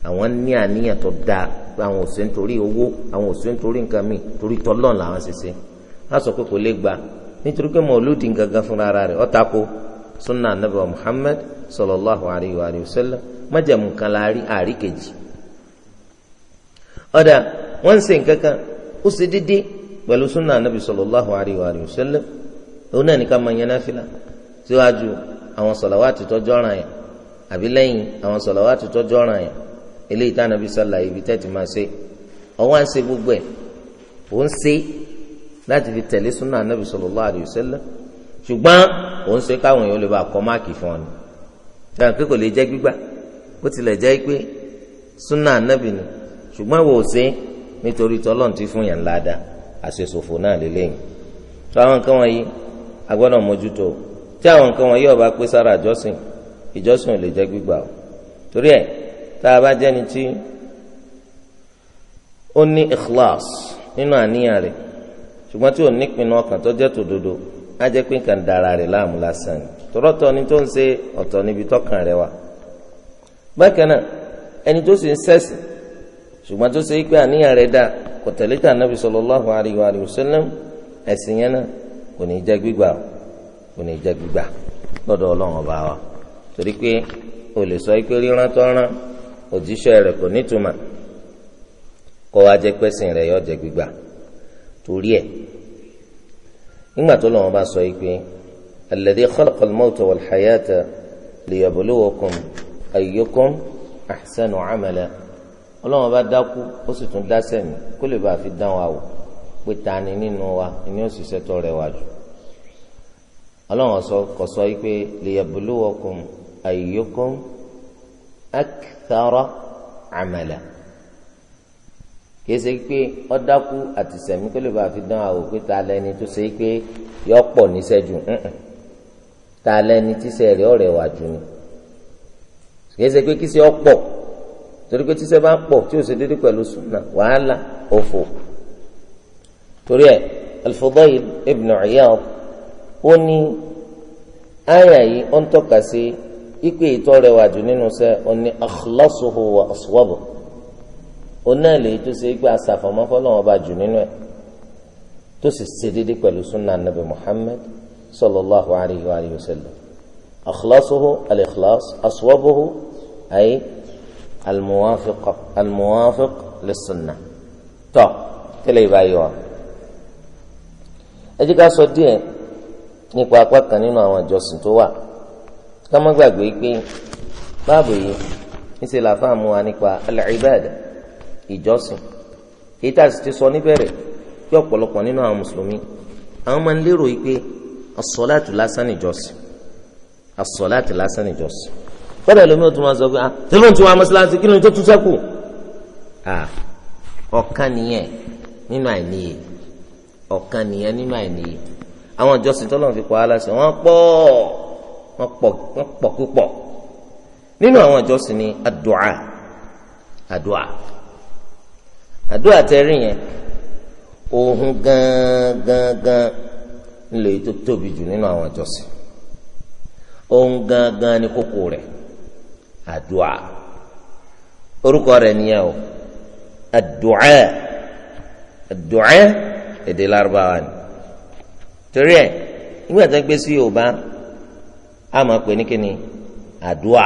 A: àwọn ní àníyàn tó dáa àwọn ò ṣe nítorí owó àwọn ò ṣe nítorí nǹkan míì torí tọ́lọ́run làwọn ṣe ṣe muhammad sallallahu alayhi wa májẹ̀mú kan la rí àrí kejì ọ̀dà wọ́n ń ṣe nǹkan kan ó ṣe déédéé pẹ̀lú súnà anábì sallallahu alayhi wa sallam òun náà nìkan máa yan náfìlà síwájú àwọn sọ̀làwátì tọ́jú ọ̀ràn yẹn àbí lẹ́yìn àwọn sọ̀làwátì tọ́jú ọ̀ràn yẹn eléyìí tá anábì sọ̀là ibi tẹ́tì máa ṣe ọwọ́ à ń ṣe gbogbo ẹ̀ ó ń ṣe láti fi tẹ̀lé súnà anábì sallallahu alayhi wa sallam ṣùgbọ́n ó ń ṣe káwọn èèyàn lè bá kọ́ máàkì fún ọ bó tilẹ̀ jẹ́ pé súnà anábì ni ṣùgbọ́n wò ó ṣe nítorí tọ́lọ́n ti fún yàn láda àṣeṣòfò náà lélẹ́yìn tó àwọn nǹkan wọ̀nyí a gbọ́dọ̀ mójútó tí àwọn nǹkan wọ̀nyí ọba pé sára àjọsìn ìjọsìn ò lè jẹ́ gbígbà o torí ẹ̀ tá a bá jẹ́ni tí ó ní ikhlas nínú àníyàn rẹ̀ ṣùgbọ́n tí ò ní pinnu ọkàn tó jẹ́ tòdodo á jẹ́ pé nǹkan dára rẹ̀ láàmú lásán ni tòrọ́tọ̀ ni tó ń ṣe ọ̀tọ̀ níbi tọ́kàn rẹ̀ wà bákan náà ẹni tó sì ń sẹ́sì ṣùgbọ́n tó ṣe é pé àníyàn rẹ̀ dáa kò tẹ̀lé tà nàbì sallallahu alayhi wa sallam ẹ̀sìn yẹn náà kò ní jẹ́ gbígbà kò ní jẹ́ gbígbà lọ́dọ̀ ọlọ́run ọba wa torí pé o lè sọ pé ríran tó rán òjíṣẹ́ rẹ̀ kò nítumọ̀ kó wá jẹ́ pẹ́sìn rẹ̀ yọ jẹ́ gbígbà torí ẹ̀ nígbà tó lọ́wọ́ bá sọ pé alladhi ayyukum ahsanu amala ọlọ́wọ́n bá dákú ó sì tún dá sẹ́mi kó lè bá fi dán wa wò pé ta ni nínú wa ni ó sì ṣètò rẹ̀ wá jù ọlọ́wọ́n sọ kọ sọ yìí pé liyabluwakum ayyukum akthara amala kìí ṣe pé ọdákú àti sẹ̀mí kó lè bá fi dán àwò pé ta lẹni tó ṣe pé yọ pọ̀ níṣẹ́ jù ta lẹni tíṣẹ́ rẹ̀ ọ̀rẹ́ wà jù ni kìí ṣe pé kí ṣe ọ̀pọ̀ torí pé tíṣe bá pọ̀ tí ò ṣe déédéé pẹ̀lú súnà wàhálà òfò torí ẹ̀ al-Fudayl ibn Iyad ó ní àyà yìí ó ń tọ́ka sí ipe ìtọ́ rẹwà jù nínú sẹ́ ọ ní akhlasuhu wa aswabu ó náà lè tó ṣe gbé aṣàfọ̀mọ́ fọlọ́wọ́n bá jù nínú ẹ̀ tó sì ṣe déédéé pẹ̀lú súnà nàbì Muhammad sallallahu alayhi wa sallam akhlasuhu al aswabuhu. أي الموافق الموافق للسنة طب كلا يبقى أيوة ẹ jẹ́ ká sọ díẹ̀ nípa apá kan nínú àwọn ìjọsìn tó wà ká má gbàgbé pé báàbò yìí níṣẹ́ la fáà mú wa nípa al-ibada ìjọsìn èyí tá a sì ti sọ níbẹ̀rẹ̀ pé ọ̀pọ̀lọpọ̀ nínú àwọn mùsùlùmí àwọn máa ń lérò yìí pé as-salatu lásán ìjọsìn as-salatu lásán ìjọsìn kọ́dà lómi ò tún máa sọ pé ah tẹ́lẹ̀ tí wọ́n á mọ́ṣáláṣí kí ni tó tún sẹ́kù ah ọ̀kan nìyẹn nínú àìníye ọ̀kan nìyẹn nínú àìníye àwọn ìjọsìn tọ́lọ́run fi pa á láṣẹ wọ́n pọ̀ wọ́n pọ̀ wọ́n pọ̀ púpọ̀ nínú àwọn ìjọsìn ni àdúà àdúà àdúà tẹ́rí yẹn ohun gangan ńlẹ̀ tó tóbi jù nínú àwọn ìjọsìn ohun gangan ni kókó rẹ̀ àdúà orúkọ rẹ̀ nìyẹn o àdúà àdúà èdè lárúbáwá ni torí ẹ̀ ìwé ẹ̀tọ́ gbé sí yorùbá a máa pè ní kíni àdúà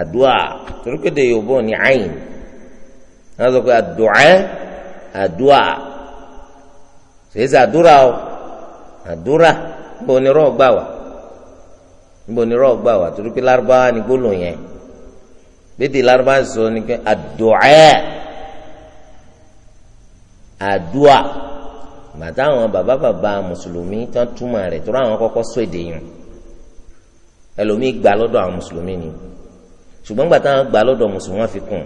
A: àdúà torí pé de yorùbá ò ní àyìn náà sọ pé àdúà àdúà ṣèṣe àdúrà o àdúrà bò ní rọ́ọ̀ gbà wá níbo ni rọ́ọ̀ gbà wá torí pé lárúbáwá ni gbólóhùn yẹn bídìí lárúbáwá sọ ni pé àdúà àdúà màtá àwọn bàbá bàbá mùsùlùmí tán túmọ̀ rẹ̀ tó ráwọn kọ́kọ́ sọ èdè yìí ẹlòmíì gbà lọ́dọ̀ àwọn mùsùlùmí ni ṣùgbọ́n gbà táwọn gbà lọ́dọ̀ mùsùlùmí wọn fi kùn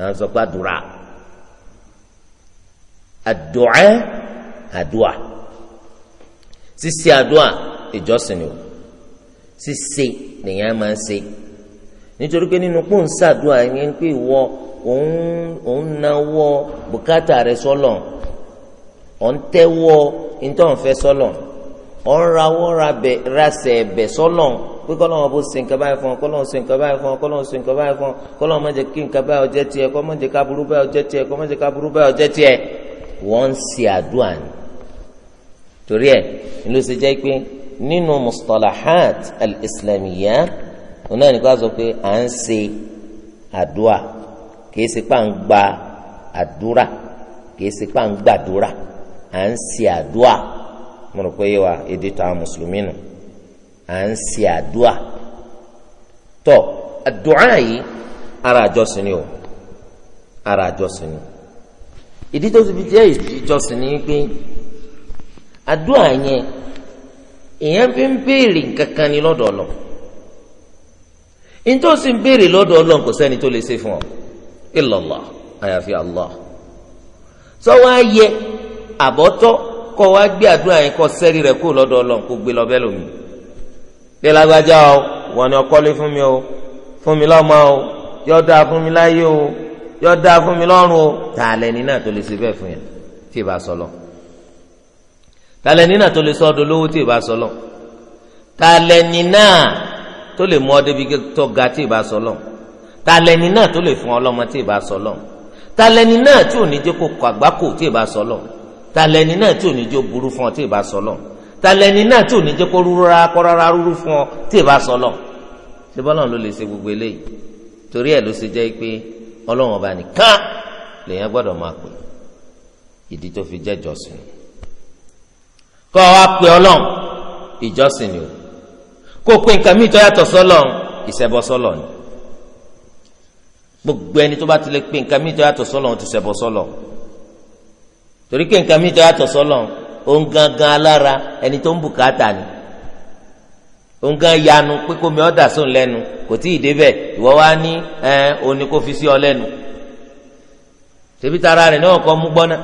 A: àwọn sọ pé àdúrà àdúà àdúà ṣíṣe àdúà ìjọsìn ni o ṣíṣe lèyàn máa ṣe nítorí pé nínú pọ́ùn ṣàdúrà yẹn pé ìwọ òun òun náwó bùkátà rẹ sọ́lọ̀ òun tẹ́wọ́ nítorí fẹ́ sọ́lọ̀ òun rawọ́ rasẹ̀ ẹ̀bẹ̀ sọ́lọ̀ pé kọ́lọ́wọ́ bó ṣe nǹkan báyìí fún ọ kọ́lọ́wọ́ ṣe nǹkan báyìí fún ọ kọ́lọ́wọ́ ṣe nǹkan báyìí fún ọ kọ́lọ́wọ́ má jẹ́ kí nǹkan báyìí ọjẹ́ tiẹ̀ kọ́ má ká burú báyìí ọjẹ́ tiẹ̀ kọ́ má ká burú báyìí ọjẹ́ tiẹ̀ wọ́n ń ṣe àdúrà ni torí ẹ̀ ló ṣe jẹ́ pé nínú mustalahat al-islamiyya oná nìkan sọ pé à ń ṣe àdúà kìí ṣe pà ń gba àdúrà kìí ṣe pà ń gbàdúrà à ń ṣe àdúà mo rò pé yé wa èdè tó àwọn mùsùlùmí nù à ń ṣe àdúà tó àdúà yìí ara àjọsìn ni o ara àjọsìn ni ìdí tó ti fi jẹ́ ìjọsìn ni pé àdúà yẹn ìyẹn fi ń béèrè nǹkan kan ni lọ́dọ̀ ọlọ nítòsí ń béèrè lọ́dọ̀ ọlọ kò sẹ́ni tó lè ṣe fún ọ illallah àyàfi Allah sọwọ ayẹ àbọtọ kọ wá gbé àdúrà yẹn kọ sẹrí rẹ kó lọ́dọ̀ ọlọ kó gbé lọ bẹ́ẹ̀ lómi bí lágbájá o wọn ni ọkọlé fún mi o fún mi lọ́mọ o yọ dáa fún mi láyé o yọ dáa fún mi lọ́rùn o tààlẹ ní náà tó lè ṣe bẹ́ẹ̀ fún yẹn tí ì bá sọ lọ talẹni náà tó lè sọ ọdọ lówó tí ì bá sọ lọ talẹni náà tó lè mú ọdẹ bí tó ga tí ì bá sọ lọ talẹni náà tó lè fún ọlọmọ tí ì bá sọ lọ talẹni náà tí ò ní jẹ kó kọ àgbákò tí ì bá sọ lọ talẹni náà tí ò ní jẹ burú fún ọ tí ì bá sọ lọ talẹni náà tí ò ní jẹ kó rúru rárá rúru fún ọ tí ì bá sọ lọ ṣé bọ́lá ló lè ṣe gbogbo eléyìí torí ẹ̀ ló ṣe jẹ́ pé ọlọ́run ọba nìkan lèèyàn gbọ́dọ̀ máa pè ìdí tó fi jẹ́ jọ́sìn kọ́ wa pe ọlọ́run ìjọsìn ni o kó o pe nǹkan míì tó yàtọ̀ sọ́lọ́run ìṣẹbọ sọ́lọ́run ni gbogbo ẹni tó bá ti lè pe nǹkan míì tó yàtọ̀ sọ́lọ́run ti ṣẹbọ sọ́lọ́run torí pé nǹkan míì tó yàtọ̀ sọ́lọ́run òun gangan alára ẹni tó ń bùkátà ni òun gan yanu pé kó mi ọ̀dà sóun lẹ́nu kò tí ì débẹ̀ ìwọ wá ní ẹ òun kó fi sí ọ lẹ́nu tẹbi tara rẹ̀ náà kọ́ mú gbọ́ná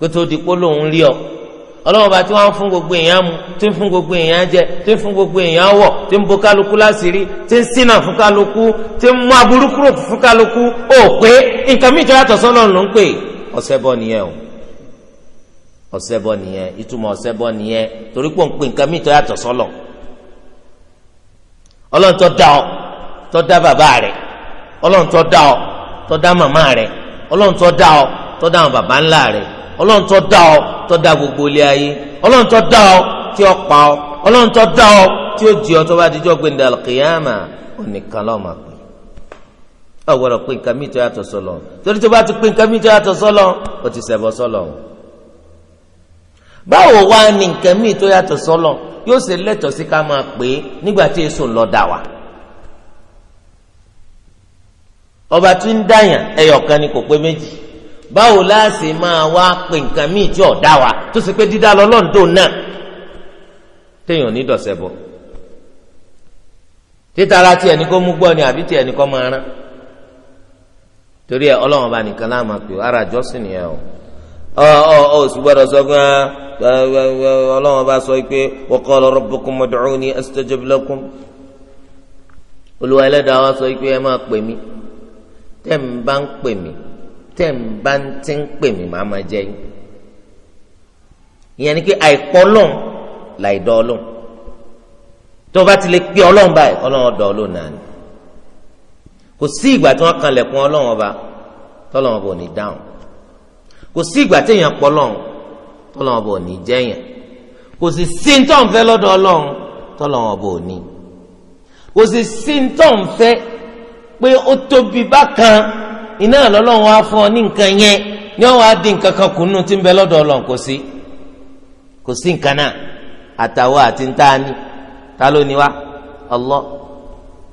A: kótó di kó rí ọ ọlọ́wọ́n bá tí wọ́n fún gbogbo èèyàn mu tí ń fún gbogbo èèyàn jẹ tí ń fún gbogbo èèyàn wọ̀ tí ń bo kálukú láṣìírí ti ń ṣínà fún kálukú tí ń mú aburú kúrò fún kálukú pé nǹkan ló o ọ̀sẹ̀ nìyẹn ìtumọ̀ ọ̀sẹ̀ nìyẹn torí pé ó ń pè nǹkan ọlọ́run tó dá ọ tó dá bàbá rẹ ọlọ́run tó dá ọlọ́run tó dá ọ tó dá gbogbo ilé ayé ọlọ́run dá ọ tí ó pa ọ ọlọ́run tó dá ọ tí ó jì ọ tó bá dijọ́ gbé ndàlù kìyàmà onìkan lọ́ọ́ máa pè ọ gbọ́dọ̀ pé nǹkan mìíràn tó yàtọ̀ sọlọ torí tó bá ti pé nǹkan mìíràn tó yàtọ̀ sọlọ ó ti ṣẹbọ sọlọ o báwo wá ní nǹkan mìíràn yàtọ̀ sọlọ yóò ṣe lẹ́tọ̀ọ́ sí ká máa pè nígbà tí èso ń lọ dà wá ọba tí ń dàyàn ẹyọkan ni kò pé méjì báwo láàṣẹ máa wá pè nǹkan míì tí ọ̀dá wa tó ṣe pé dídá lọ lọ́ǹdó náà téèyàn ní dọ̀sẹ̀ bọ̀ títara tiẹ̀ ní kó mú gbọ́ ni àbí tiẹ̀ ní kó máa rán torí ẹ ọlọ́wọ́n bá nìkan láàmú pé ara jọ́sìn nìyẹn o ọ ọ sì gbọ́dọ̀ sọ fún wa ọlọ́wọ́n bá sọ pé wa qala rabbukum ud'uni astajib lakum olùwà ẹlẹ́dàá wa sọ pé ẹ máa pè mí tẹ́ ń bá ń pè mí tẹ̀ ń bá ń ti ń pè mí màá máa jẹ́ yín ìyẹn ni pé àìpọ́ lọ́n láì dọ́ lọ́n tó bá ti lè pé ọlọ́run báyìí ọlọ́run dọ́ lọ́n náà ni kò sí ìgbà tí wọ́n kanlẹ̀kùn ọlọ́run ọba tọ́lọ́run ọba ò ní dáhùn kò sí ìgbà tí èèyàn pọ́ lọ́run tọ́lọ́run ọba ò ní jẹ́yàn kò sì sí ní tó ń fẹ́ lọ́dọ̀ ọlọ́run tọ́lọ́run ọba ò ní kò sì sí ní tó ń fẹ́ pé ó tóbi bákan iná Ọlọ́run wá fún ọ ní nǹkan yẹn ní ọ wá di nǹkan kan kùnú tí ń bẹ lọ́dọ̀ Ọlọ́run kò sí kò sí nǹkan náà àtàwọn àti ntaani ta ló ní wa Allah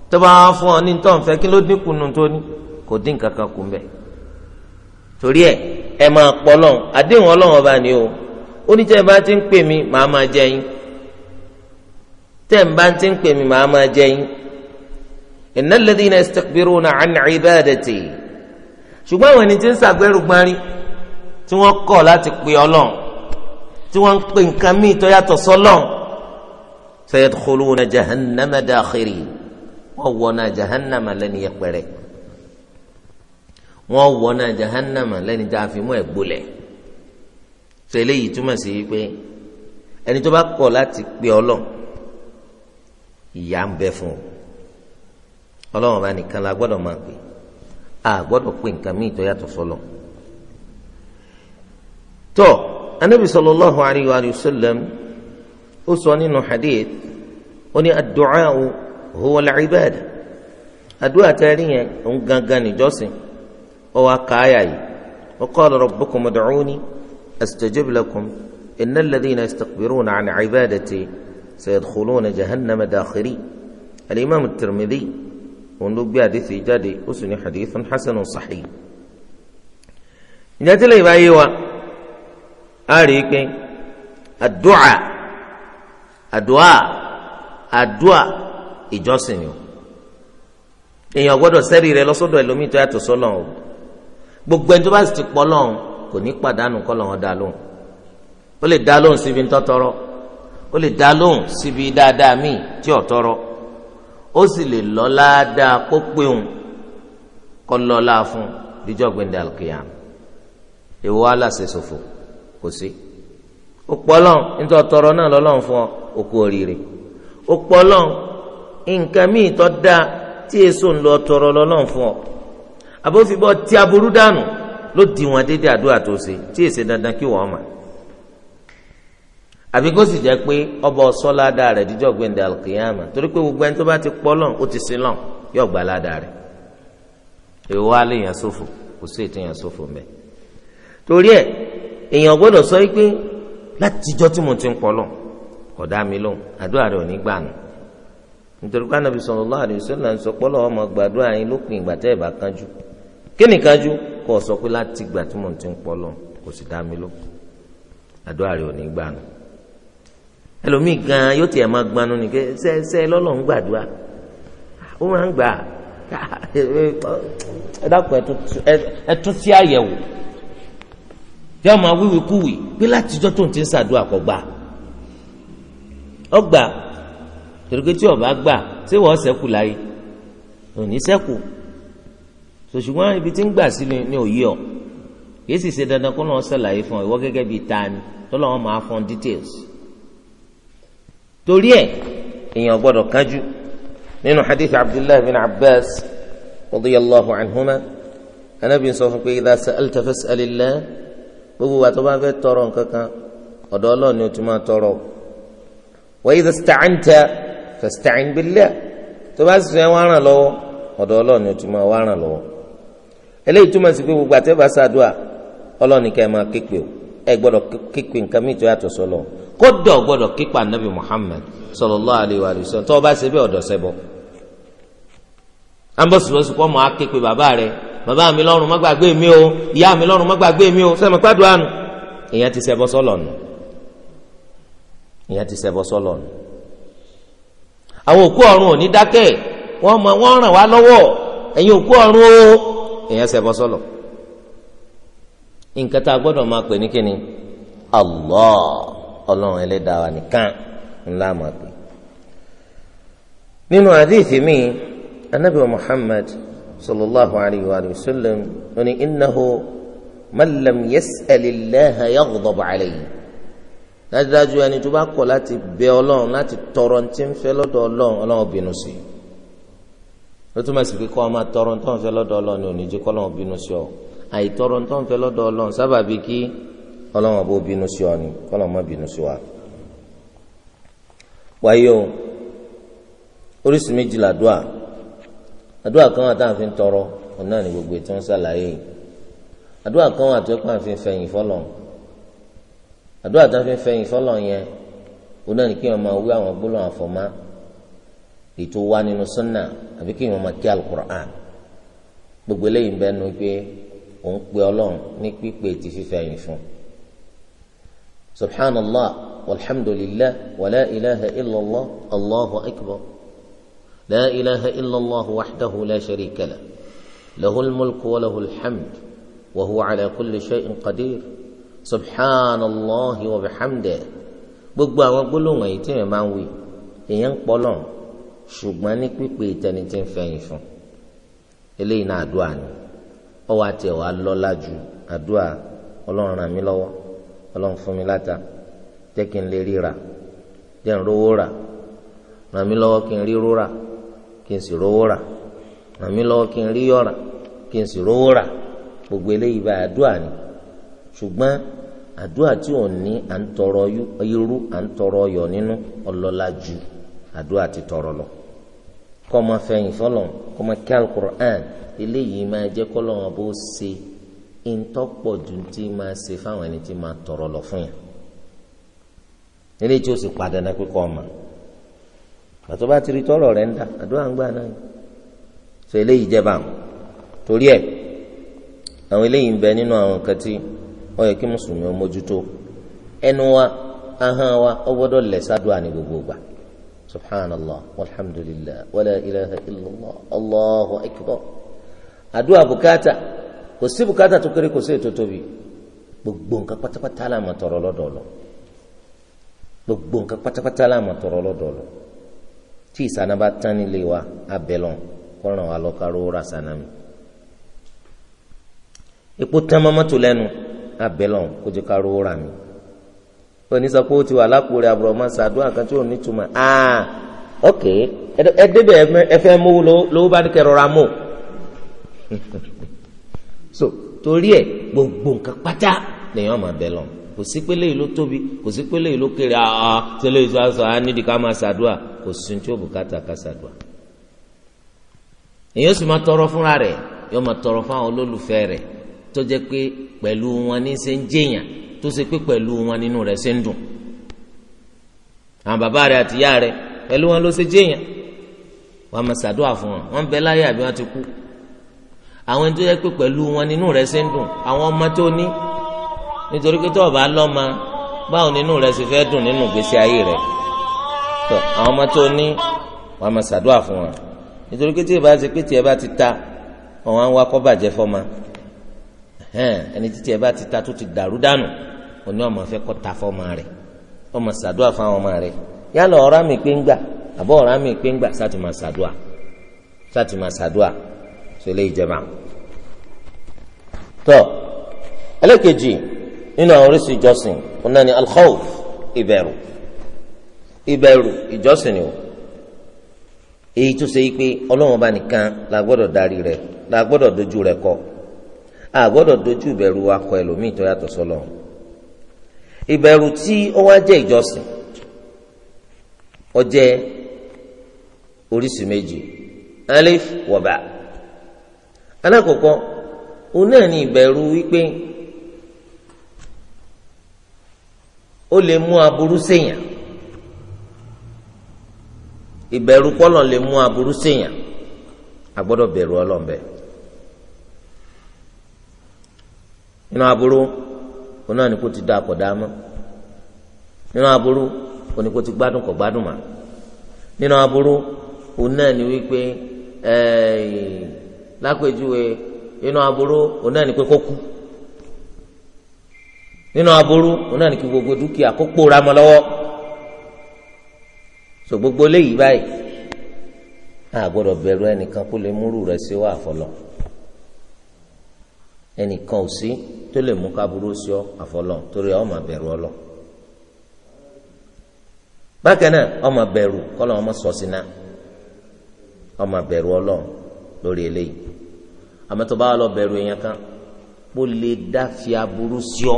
A: tó bá wá fún ọ ní tó ń fẹ́ kí ló dín kùnú tó ní kò dín nǹkan kan kùn bẹ torí ẹ ẹ máa pọ lọhùn àdéhùn Ọlọ́run ọba ni o oníjẹ bá ti ń pè mí màá máa jẹ yín tẹ́ ń bá ti ń pè mí màá máa jẹ yín innal ladhina yastakbiruna an ibadati ṣùgbọ́n àwọn ẹni tí ń ṣàgbẹ́rù gbanrin tí wọ́n kọ̀ láti pe ọlọ́run tí wọ́n ń pe nǹkan míì tó yàtọ̀ sọ́lọ́run sayadkhuluna jahannama dakhirin wọ́n wọ̀nà jahannama lẹ́ni yẹpẹrẹ wọ́n wọ̀nà jahannama lẹ́ni tá a fi mú ẹ̀ gbolẹ̀ tó túmọ̀ sí pé ẹni tó bá kọ̀ láti pe ọlọ́run ìyà ń bẹ fún ọ ọlọ́run bá nìkan la gbọ́dọ̀ máa pè é a gbọ́dọ̀ pé nǹkan míì tó yàtọ̀ sọ́lọ̀ tó anabi sallallahu alayhi wa sallam ó sọ nínú hadith ó ní adu'a huwa al-ibada adu'a tẹ́rì yẹn òun gangan níjọ́sìn ó wá káyà yìí wa qala rabbukum ud'uni astajib lakum innal ladhina yastakbiruna an ibadati sayadkhuluna jahannama dakhiri al tirmidhi òun ló gbé àdéhìí jáde ó sì ní hadithun hasanun sahih. ìjà tí lè bá yé wa a rí i pé àdúà àdúà àdúà ìjọsìn ni o èèyàn gbọ́dọ̀ sẹ́rí rẹ̀ lọ́sọ́dọ̀ ẹlòmíì tó yàtọ̀ sọ́lọ̀ o gbogbo ẹni tó bá sì ti pọ̀ lọ́hùn kò ní pàdánù kọ́ lọ́hùn dá lóhùn ó lè dá lóhùn síbi ń tọ́tọ́rọ́ ó lè dá lóhùn síbi dáadáa míì tí ò tọ́rọ́ ó sì lè lọ ládàá kó pé òun kọ́ lọ́lá fún díjọ́ gbẹ̀ndẹ̀ alkiyam èwo aláṣẹ ṣòfò kò sí òpọlọ nítorí ọtọrọ náà lọ́lọ́run fún ọ òkú oríire òpọlọ nǹkan míì tó dáa tí èso ń lọ ọtọrọ lọ́lọ́run fún ọ àbófin tí aburú dànù ló di wọn dédé àdúrà tó ṣe tí èsè dandan kí wọn mọ̀ àbí kó sì jẹ́ pé ọba ọ̀sọ́ládà rẹ̀ díjọ́ gbẹ̀ndẹ̀ alkiyama torí pé gbogbo ẹni tó bá ti pọ́ lọ́n ó ti sin lọ́n yóò gba ládà rẹ̀ èwo wá lè yàn sófò kò sí ètò yàn sófò mẹ́. torí ẹ èèyàn gbọ́dọ̀ sọ pé látijọ́ tí mo ti ń pọ́ lọ́n kò dá mi lóhùn àdúrà rẹ̀ ò ní gbà nù. nítorí pé Ànábì sallallahu alaihi wasallam ń sọ pọ́lọ́ ọmọ gbàdúrà yín lópin ìgbà tẹ́ ẹ̀ bá kánjú kí ni kánjú kò sọ pé láti ìgbà tí mo ti ń pọ́ lọ́n kò sì dá mi lóhùn àdúrà rẹ̀ ò ní gbà nù ẹlòmíì gan yóò tiẹ̀ máa gbanú ni ṣe ṣe lọ́lọ́ ń gbàdúrà ó máa ń gbà ẹ dákun ẹ tún sí àyẹ̀wò yóò máa wíwí kúwì pé látijọ́ tó ń ti ń ṣàdúrà kọ́ gbà ọgbà torí pé tí ọba gbà ṣé wọ́n ṣẹ́kù láyé òní ṣẹ́kù ṣùgbọ́n ibi tí ń gbà sí ni òye ọ̀ kìí sì ṣe dandan kó náà ṣàlàyé fún ọ ìwọ gẹ́gẹ́ bíi ta ni tọ́lọ́ máa fọn details torí ẹ̀ èèyàn gbọ́dọ̀ kánjú nínú hadith abdullahi bin abbas radiyallahu anhuma anabi sọ fún pé idha sa'alta fas'alillah gbogbo wa tó bá fẹ́ tọrọ nǹkan kan ọ̀dọ̀ Ọlọ́run ni o ti máa tọrọ wa idha ista'anta fasta'in billah tó bá sì fẹ́ wá ràn lọ́wọ́ ọ̀dọ̀ Ọlọ́run ni o ti máa wá ràn lọ́wọ́ eléyìí túmọ̀ sí pé gbogbo àtẹ́bàṣà àdúrà Ọlọ́run kẹ́ ẹ máa képe ẹ gbọ́dọ̀ képe nǹkan mìíràn tó yàtọ̀ sọ́lọ́run kódà ọgbọ́dọ̀ kípa anabi muhammed sallallahu alayhi wa sallam tó o bá ṣe bí ọ̀dọ̀ ṣẹbọ. ambosibosi kọ́ mọ́ a ké pe bàbá rẹ bàbá mi lọ́rùn má gbàgbé mi o ìyá mi lọ́rùn má gbàgbé mi o sẹ́mi gbàdúrà nù. ìyẹn ti ṣẹbọ sọlọ nù ìyẹn ti ṣẹbọ sọlọ nù. àwọn òkú ọ̀run ò ní dákẹ́ wọ́n mọ wọ́n ràn wá lọ́wọ́ ẹ̀yin òkú ọ̀run o ìyẹn ṣẹbọ sọlọ. nǹkan tá a gbọ́dọ̀ máa pè ní kíni Allah ọlọ́run ẹlẹ́dàá wa nìkan ńlá máa pè. nínú àdéhìí mi anabi muhammad sallallahu alayhi wa sallam ó ní innahu man lam yas'alillaha yaghdab alayhi dájúdájú ẹni tó bá kọ̀ láti bẹ ọlọ́run láti tọrọ tí ń fẹ́ lọ́dọ̀ ọlọ́run ọlọ́run bínú sí i ló túmọ̀ sí pé kọ́ ọ máa tọrọ tó ń fẹ́ lọ́dọ̀ ọlọ́run ní òní jẹ́ kọ́ ọlọ́run bínú sí ọ àìtọrọ tó ń fẹ́ lọ́dọ̀ ọlọ́run sábàbí kí ọlọ́wọ́n bó bínú sí ọ ni kọ́lọ́n má bínú sí wa. wáyé o oríṣi méjì làdúà àdúà kan wà tá à ń fi tọrọ òun náà ni gbogbo ètò ń ṣàlàyé yìí àdúà kan wà tó pàǹfì fẹ̀yìn fọlọ́ àdúà tó fi fẹ̀yìn fọlọ́ yẹn òun náà ni kí wọn máa wí àwọn gbólóhùn àfọ̀mọ́ ètò wa nínú sunna àbí kí wọn máa kí alukur'an gbogbo eléyìí ń bẹ́ẹ̀ nu pé òun pe ọlọ́run ní pípé ti fífẹ̀yìn fún un subhanallah walhamdulillah wàlá ilaha illallah allahu akbar la ilaha illallah wahdahu la sharika lah lahul mulku wa lahul hamd wa huwa ala kulli shay'in qadir subhanallah wa bihamdih gbogbo àwọn gbólóhùn èyí tí èèyàn máa ń wí èèyàn ń pọlọ ṣùgbọ́n ní pípé ìtẹni tí ń fẹ̀yìn fún eléyìí náà àdúrà ni ọwọ́ àti ẹwà lọ́lá ju àdúrà Ọlọ́run ràn mí lọ́wọ́ ọlọ́run fún mi láta jẹ́ kí n lè ríra jẹ́ n rówó rà ràn mí lọ́wọ́ kí n rí rúra kí n sì rówó rà ràn mí lọ́wọ́ kí n rí yọ̀rà kí n sì rówó rà gbogbo eléyìí bá àdúrà ni ṣùgbọ́n àdúrà tí ò ní à ń tọrọ irú à ń tọrọ ọyọ nínú ọlọ́lá ju àdúrà ti tọrọ lọ kọ́ ọmọ fẹ̀yìn fọlọ́n kọ́ ọmọ kí alukur'an eléyìí máa jẹ́ kọ́ lọ́wọ́ bó ṣe. ìntọ́pọ̀ ju ti ma se fáwọn ẹni tí máa tọrọ lọ fún yẹn nílé tí ó sì padà náà pé kọ́ ọ pàtó bá ti rí tọrọ rẹ ń dà náà sọ eléyìí jẹba torí ẹ àwọn eléyìí ń bẹ nínú àwọn nǹkan tí ó yẹ kí mùsùlùmí ó mójútó ẹnu wa ahọ́n wa ó gbọ́dọ̀ lẹ̀ sádùá gbogbo gbà subhanallah walhamdulillah wala ilaha illallah allahu akbar àdúrà kò sí bùkátà tó kéré kò sí ètò tóbi gbogbo nǹkan pátápátá la máa tọrọ lọ́dọ̀ lọ gbogbo nǹkan pátápátá la máa tọrọ lọ́dọ̀ lọ tí ìsáná bá tán nílé wa abẹ́lọ̀ kọ́ran wa lọ́kàró ra sáná mi epo tán mọ́mọ́tò lẹ́nu abẹ́lọ̀ kó jẹ́ káró ra mi òní sọ pé ó ti wà lákùrẹ́ àbúrọ̀mọ́ sàdúrà kan tí ò ní túmọ̀ ah ok ẹ débẹ̀ ẹ fẹ́ mú lówó bá ní kẹrọra mú. *laughs* so torí ẹ gbogbo nǹkan pátá lèèyàn máa bẹ lọ kò sí pé léyìí ló tóbi kò sí pé léyìí ló kéré àá tẹlẹ ìṣó aṣọ àá nídìí ká máa ṣàdúà kò sí tí ó bùkátà ká ṣàdúà. èèyàn sì máa tọrọ fúnra rẹ̀ yóò máa tọrọ fáwọn olólùfẹ́ rẹ̀ tó jẹ́ pé pẹ̀lú wọn ní ṣe ń jèèyàn tó ṣe pé pẹ̀lú wọn nínú rẹ̀ ṣe ń dùn. àwọn bàbá rẹ̀ àtìyá rẹ̀ pẹ̀lú wọn ló ṣe jèèyàn wọn máa ṣàdúà fún wọn wọn bẹ láyé àbí wọn ti kú àwọn tó yẹ pé pẹ̀lú wọn nínú rẹ ṣe ń dùn àwọn ọmọ tó ní nítorí pé tó o bá lọ́mọ báwo nínú rẹ ṣe fẹ́ dùn nínú ìgbésí ayé rẹ tó àwọn ọmọ tó ní wàá máa ṣàdúrà fún wọn nítorí pé tí ìbá ṣe pé tí ẹ bá ti ta ọ̀hún á wá kọ́ bàjẹ́ fọ́mọ ẹni títí ẹ bá ti ta tó ti dàrú dànù òní ọmọ fẹ́ kọ́ ta fọ́mọ rẹ̀ ọmọ ṣàdúrà fún àwọn ọmọ rẹ̀ yálà ọ̀rá mi pé ń gbà àbọ̀ ọ̀rá mi pé ń gbà sátìmọ̀ ṣàdúrà sátìmọ̀ ṣàdúrà ṣẹlẹ̀ ìjẹba tọ ẹlẹ́kejì nínú àwọn oríṣi ìjọsìn òun náà ni alkhawf ìbẹ̀rù ìbẹ̀rù ìjọsìn ni o èyí tó ṣe yí pé ọlọ́run bá nìkan la gbọ́dọ̀ darí rẹ̀ la gbọ́dọ̀ dojú rẹ̀ kọ a gbọ́dọ̀ dojú ìbẹ̀rù wa kọ ẹlòmíì tó yàtọ̀ sọ́lọ́ ìbẹ̀rù tí ó wá jẹ́ ìjọsìn ó jẹ́ oríṣi méjì alif wọ̀bà alákọ̀ọ́kọ́ òun náà ní ìbẹ̀rù wípé ó lè mú aburú ṣèyàn ìbẹ̀rù pọ́lọ̀ lè mú aburú ṣèyàn a aburu bẹ̀rù ọlọ́ọ̀bẹ nínú aburú òun náà ní kó ti dá lápèjúwe inú aburú òun náà ní pé kó kú nínú aburú ní kí gbogbo dúkìá kó pòórá mọ lọ́wọ́ so gbogbo léyìí báyìí a gbọ́dọ̀ bẹ̀rù ẹnìkan kó lè múrù rẹ̀ sí wà fọlọ ẹnìkan ò sí tó lè mú kaburú sí ọ àfọlọ torí kọlọ ọmọ sí náà ọ máa àmọ́ tó bá lọ bẹ̀rù èèyàn kan kó lè dá fi aburú sí ọ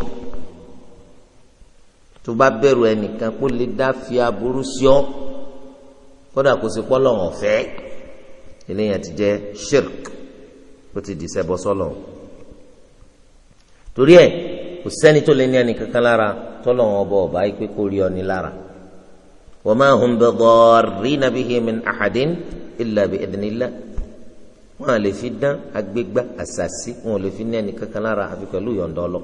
A: tó bá bẹ̀rù ẹnìkan kó lè dá fi aburú sí ọ kódà kò sí pọ́ lọ́wọ́ fẹ́ eléyàn ti jẹ́ shirk ó ti dì sẹ́bọ sọ́lọ̀ torí ẹ̀ kò sẹ́ni tó lè ní ẹnìkankan lára tọ́lọ̀ wọn bọ̀ ọ̀bá yìí rí ọ ní lára wa ma hum bi darrina bihi min ahadin illa bi idhnillah wọn à lè fi dán agbégbá àṣàṣì wọn ò lè fi ní ẹnì kankan lára àfi pẹ̀lú ìyọ̀ǹda ọlọ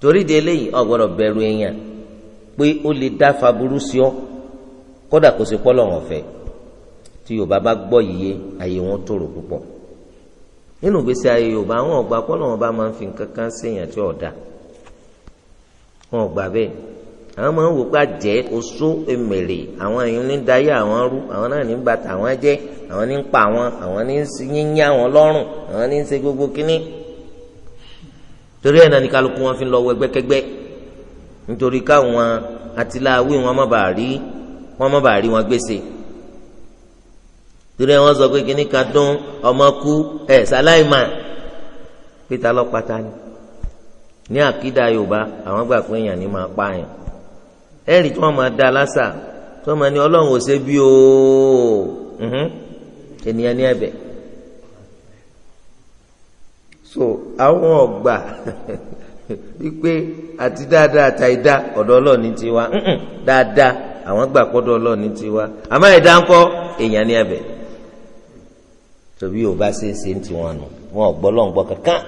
A: torí de eléyìí o gbọ́dọ̀ bẹ̀rù èèyàn pé ó lè dá faburú sí ọ kódà kò sí pọlọ wọn fẹ tí yorùbá bá gbọ́ yìí ayé wọn tòrò púpọ̀ nínú ìgbésí ayé yorùbá àwọn ọgbà pọlọ wọn bá máa ń fi nǹkan séèyàn tí ọ̀dà wọn ọgbà bẹ́ẹ̀ àwọn máa ń wò pé àjẹ́ oṣó emèrè àwọn èèyàn ní dayé àwọn rú àwọn náà ní bàtà àwọn jẹ́ àwọn ní ń pa àwọn àwọn ní yíyín àwọn lọ́rùn àwọn ní ń ṣe gbogbo kínní torí ẹ̀ náà ní kálukú wọn fi lọ wọ ẹgbẹ́kẹ́gbẹ́ nítorí káwọn atiláwé wọn má bàa rí wọn má bàa rí wọn gbèsè torí ẹ̀ wọ́n sọ pé kínní kan dún ọmọ kú ẹ̀ sáláìmà pété alọ́pàá ta ni ní àkídà Yorùbá àwọn gbà pé èèyàn ní máa pààyàn ẹ̀rì tí wọ́n máa da lásà tí wọ́n máa ní ọlọ́run ò ṣe bí o ènìyàn ní ẹ̀bẹ̀ so àwọn ọgbà *laughs* wípé àti dáadáa àtàìdá ọ̀dọ̀ ọlọ́ọ̀ni ti wá dáadáa àwọn gbà pọ́dọ̀ ọlọ́ọ̀ni ti wá àmọ́ ẹ̀dá ńkọ́ èèyàn ní ẹ̀bẹ̀ tòbí ò bá ṣeé ṣe ń tiwọn nù wọn ò gbọ́ lọ́n gbọ́ kankan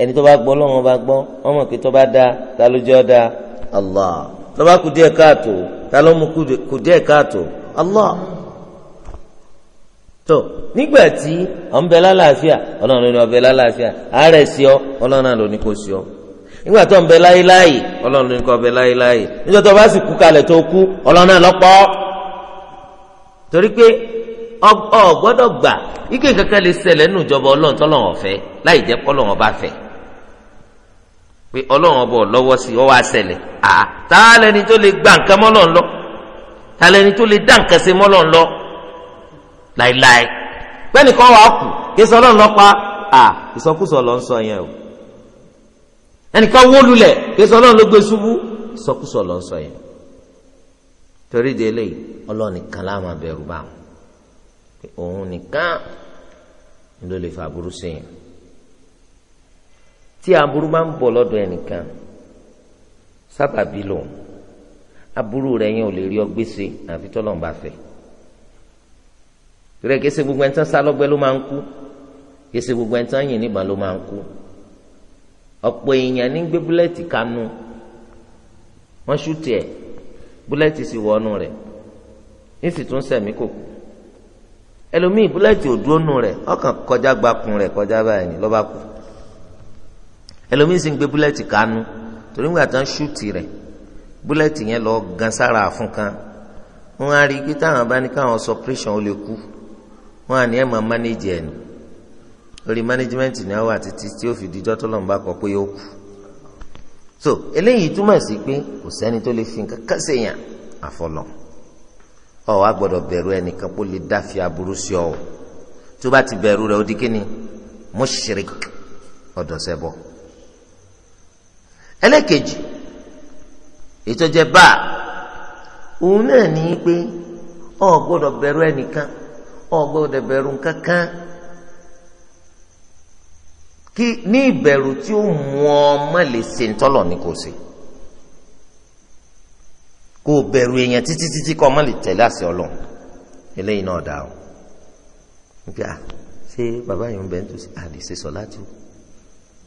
A: ẹni tó bá gbọ́ lọ́n bá gbọ́ wọn mọ̀ tó bá dáa ta ló jẹ́ ọ́ allah tọ́ba kù díẹ̀ káàtó ta ló mú kù díẹ̀ káàtó allah tó nígbà tí ọ̀nbẹ lálàáfíà ọlọ́run ní ọ̀bẹ lálàáfíà àárẹ̀ sí ọ ọlọ́run náà ló ní kó sí ọ nígbà tó ọ̀nbẹ láyéláyé ọlọ́run ló ní kó ọ̀bẹ láyéláyé nígbà tó bá sì kú kalẹ̀ tó kú ọlọ́run náà lọ́pọ̀ torí pé ọ gbọ́dọ̀ gbà ike kankan lè ṣẹlẹ̀ nù ìjọba ọlọ́run tọ́lọ́run ọ̀fẹ́ láì jẹ́ kọ́lọ́run ọba fẹ́ pé ọlọ́run ọba lọ́wọ́ sí ọ wá à tá a lẹni tó lè gba nǹkan mọ́ lọ́n lọ tá a lẹni tó lè dá nǹkan ṣe mọ́ lọ́n lọ láìláì bẹ́ẹ̀ni kan wàá kù kí sọ ọlọ́run lọ pa à ìsọkúsọ lọ ń sọ yẹn o ẹnìkan wó lulẹ̀ kí sọ ọlọ́run ló gbé ṣubú ìsọkúsọ lọ ń sọ yẹn torí de eléyìí ọlọ́run nìkan láwọn abẹ́rù bá wọn òun nìkan ló lè fa burú sí yẹn. tí aburú máa ń bọ̀ lọ́dọ̀ ẹnìkan sábàbí lòun aburú rẹ̀ yẹn ò lè rí ọ gbèsè àfi tọ́lọ̀ ń bá fẹ́ rẹ̀ kése gbogbo ẹni tán ló máa ń kú kése gbogbo ló kú ọ̀pọ̀ èèyàn ní gbé búlẹ́ẹ̀tì kanu wọ́n ṣùtì búlẹ́ẹ̀tì sì rẹ̀ ní sì tún sẹ̀mí kò kú ẹlòmíì búlẹ́ẹ̀tì ò dúró nù rẹ̀ ọkàn ẹlòmíín sì ń gbé búlẹ̀tì kánú torí ńgbà tán ṣúùtì rẹ̀ búlẹ̀tì yẹn lọ gan sára àfún kan wọ́n á rí i pé táwọn bá ní káwọn sọ pírẹ́sàn ó lè kú wọ́n á ní ẹ̀ máa mánéjì ẹ̀ nù lórí mánéjìmẹ́ǹtì ni àwọn àtìtì tí ó fi dijọ́ tó lọ́nba kọ pé ó kú so eléyìí túmọ̀ sí pé kò sẹ́ni tó lè fi nǹkan kásẹ̀ yàn àfọlọ́ ọ wá gbọ́dọ̀ bẹ̀rù ẹnìkan kó lè dáfi aburú sí ọ tó bá ti bẹ̀rù rẹ̀ ó di kíni mushrik ọ̀dọ̀ sẹ́bọ̀ ẹlẹ́kejì ètò jẹ báà òun náà ní í pé ọ gbọ́dọ̀ bẹ̀rù ẹnìkan ọ gbọ́dọ̀ bẹ̀rù kankan kí ní ìbẹ̀rù tí ó mú ọ má lè ṣe ńtọ́lọ̀ ní kò sí kó bẹ̀rù èèyàn títí títí kọ́ ọ má lè tẹ̀lé àṣẹ ọlọ́run eléyìí náà dá o nígbà ṣé bàbá yìí ń bẹ́ẹ̀ tó àlè ṣe sọ láti o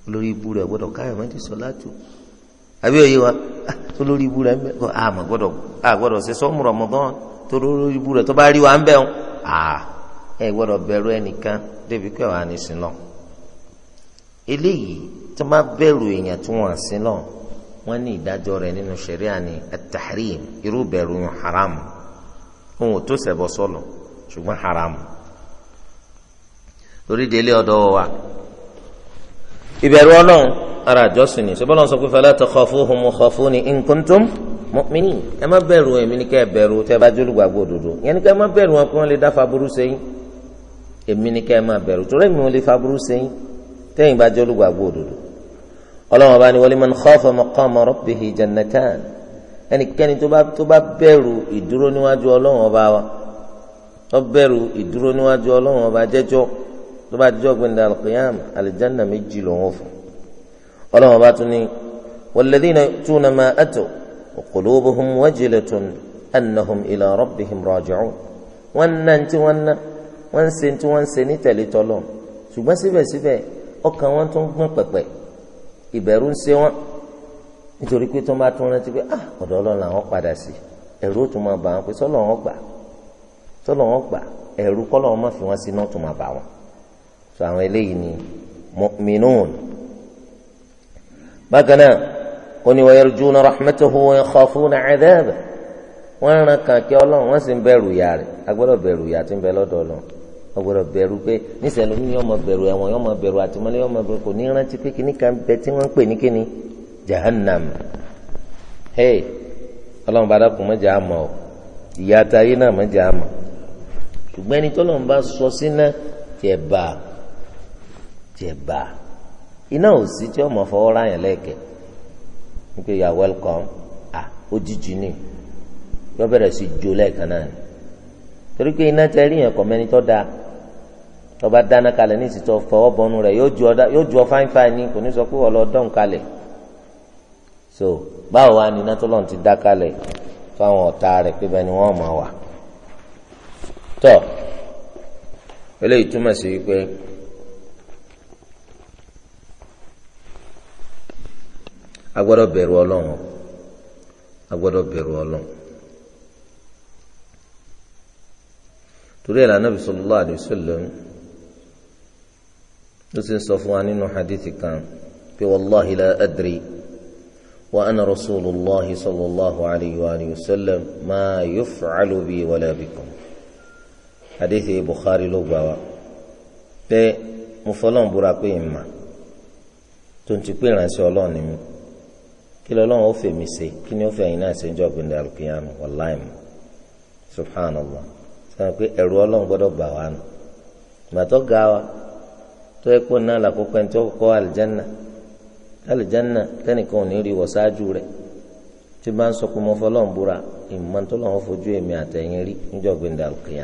A: olórí ibú rẹ̀ gbọ́dọ̀ káyọ̀ mọ́ sọ láti o àbí òye wa ah, tó lórí ibu rẹ̀ ń bẹ̀ kó àmọ̀ gbọ́dọ̀ àgbọ́dọ̀ ṣe sọ́mu Ramadan tó lórí ibu rẹ̀ tó bá rí wa ń bẹ̀ wọn à ẹ gbọ́dọ̀ bẹ̀rù ẹnìkan débi pé wàá ní sin lọ. eléyìí tó má bẹ̀rù èèyàn tó wọ́n sin lọ wọ́n ní ìdájọ́ rẹ̀ nínú ṣẹ̀ríà ní at irú bẹ̀rù yẹn haram òun ò tó ṣẹbọ sọlọ ṣùgbọ́n haram. orí délé ọ̀dọ̀ wa ìbẹ̀rù ọlọ́run ara àjọsìn ni ṣùgbọ́n lọ́n sọ pé fala takhafuhum khafuni in kuntum mu'minin ẹ má bẹ̀rù èmi ní kẹ́ ẹ bẹ̀rù tẹ́ ẹ bá jólúgbàgbọ́ òdodo yẹn ní kẹ́ ẹ má bẹ̀rù wọn kí wọ́n lè dá faburú sẹ́yìn èmi ní kẹ́ ẹ má bẹ̀rù torí èmi wọn lè faburú sẹ́yìn tẹ́yìn bá jólúgbàgbọ́ òdodo ọlọ́run bá ní waliman khafa maqama rabbihi jannatan ẹnikẹ́ni tó bá bẹ̀rù tó bá dijọ́ gbẹ̀ndà alqiyam alìjánà méjì lòun fún ọlọ́wọ́n bá tún ní walladhina yu'tuna ma ataw wa qulubuhum wajilatun annahum ila rabbihim raji'un wọ́n ná tí wọ́n ná wọ́n ń ṣe tí wọ́n ń ṣe ní tẹ̀lé tọ́lọ̀ ṣùgbọ́n síbẹ̀síbẹ̀ ọkàn wọn tún gbọ́n pẹ̀pẹ̀ ìbẹ̀rù ń ṣe wọn nítorí pé tó ń tún rántí pé ah ọ̀dọ̀ ọlọ́run làwọn padà sí ẹ̀rù ó tún máa bà wọn pé sọ́lọ́ wọn gbà sọ́lọ́ wọn gbà ẹ̀rù kọ́lọ́ wọn má fi wọn sí náà tún máa bà wọn sọ àwọn eléyìí ni mu'minun bákan náà ó ní wa yarjuna rahmatahu wa yakhafuna 'adhabahu wọ́n ń ran kànkẹ́ ọlọ́run wọ́n sì ń bẹ̀rù ìyá rẹ̀ agbọ́dọ̀ bẹ̀rù ìyá tí ń bẹ lọ́dọ̀ ọlọ́run agbọ́dọ̀ bẹ̀rù pé níṣẹ́ lómi yóò máa bẹ̀rù ẹ̀wọ̀n yóò máa bẹ̀rù àtìmọ́lé yóò máa bẹ̀rù kò ní rántí pé kíní kan bẹ tí wọ́n ń pè ní kíní jahannam hey ọlọ́run bá dákun mọ́jà àmọ́ ọ ìyá atayé náà mọ́jà àmọ́ ṣùgbọ́n ẹni tọ́lọ́run bá sọ sínú tiẹ̀ bá jẹba iná ò sí tí ọmọ fọwọ́ ráyàn lẹ́ẹ̀kẹ́ wípé you are welcome ah òjijì ni yọ bẹ̀rẹ̀ sí jó lẹ́ẹ̀kan náà ni torí pé iná tẹ rí yẹn kọ́ mẹ́ni tó dáa tọba dáná kalẹ̀ ní ìsìtọ́ fọwọ́ bọ́nu rẹ̀ yóò ju ọ fáínfáín ni kò ní sọ pé ọlọ́dọ́n kalẹ̀ so báwo wá ni nátọ́lọ́n ti dá kalẹ̀ fáwọn ọ̀tá rẹ̀ pé bẹ́ẹ̀ ni wọ́n mọ̀ wá tọ́ eléyìí túmọ̀ sí wípé. a gbọ́dọ̀ bẹ̀rù Ọlọ́run a gbọ́dọ̀ bẹ̀rù Ọlọ́run torí ẹ̀ lànà bisalòlá àdìsílẹ̀ ló ti ń sọ fún wa nínú hadith kan pé wàláhi la adri wa ana rasulillahi sallallahu alayhi wa alihi wa sallam ma yuf'alu bi wala bikum hadith bukhari ló gbà wá pé mo fọlọ́n búra pé ìmà tó ń ti pé ìránṣẹ́ Ọlọ́run ni mi. kí lọ́lọ́run ó fèmí kini kí ni ó fẹ́ yín náà ṣe ń jọ gbẹ̀ndẹ̀ alùpùpù wàláì mu subhanallah sọ pé ẹ̀rù ọlọ́run gbọ́dọ̀ bà wá nù gbàtọ́ ga wa tó ẹ náà làkókò ẹni tó kọ́ ò ní rí rẹ̀ tí bá ń sọ pé mo búra fojú èmi àtẹ̀yìn rí alùpùpù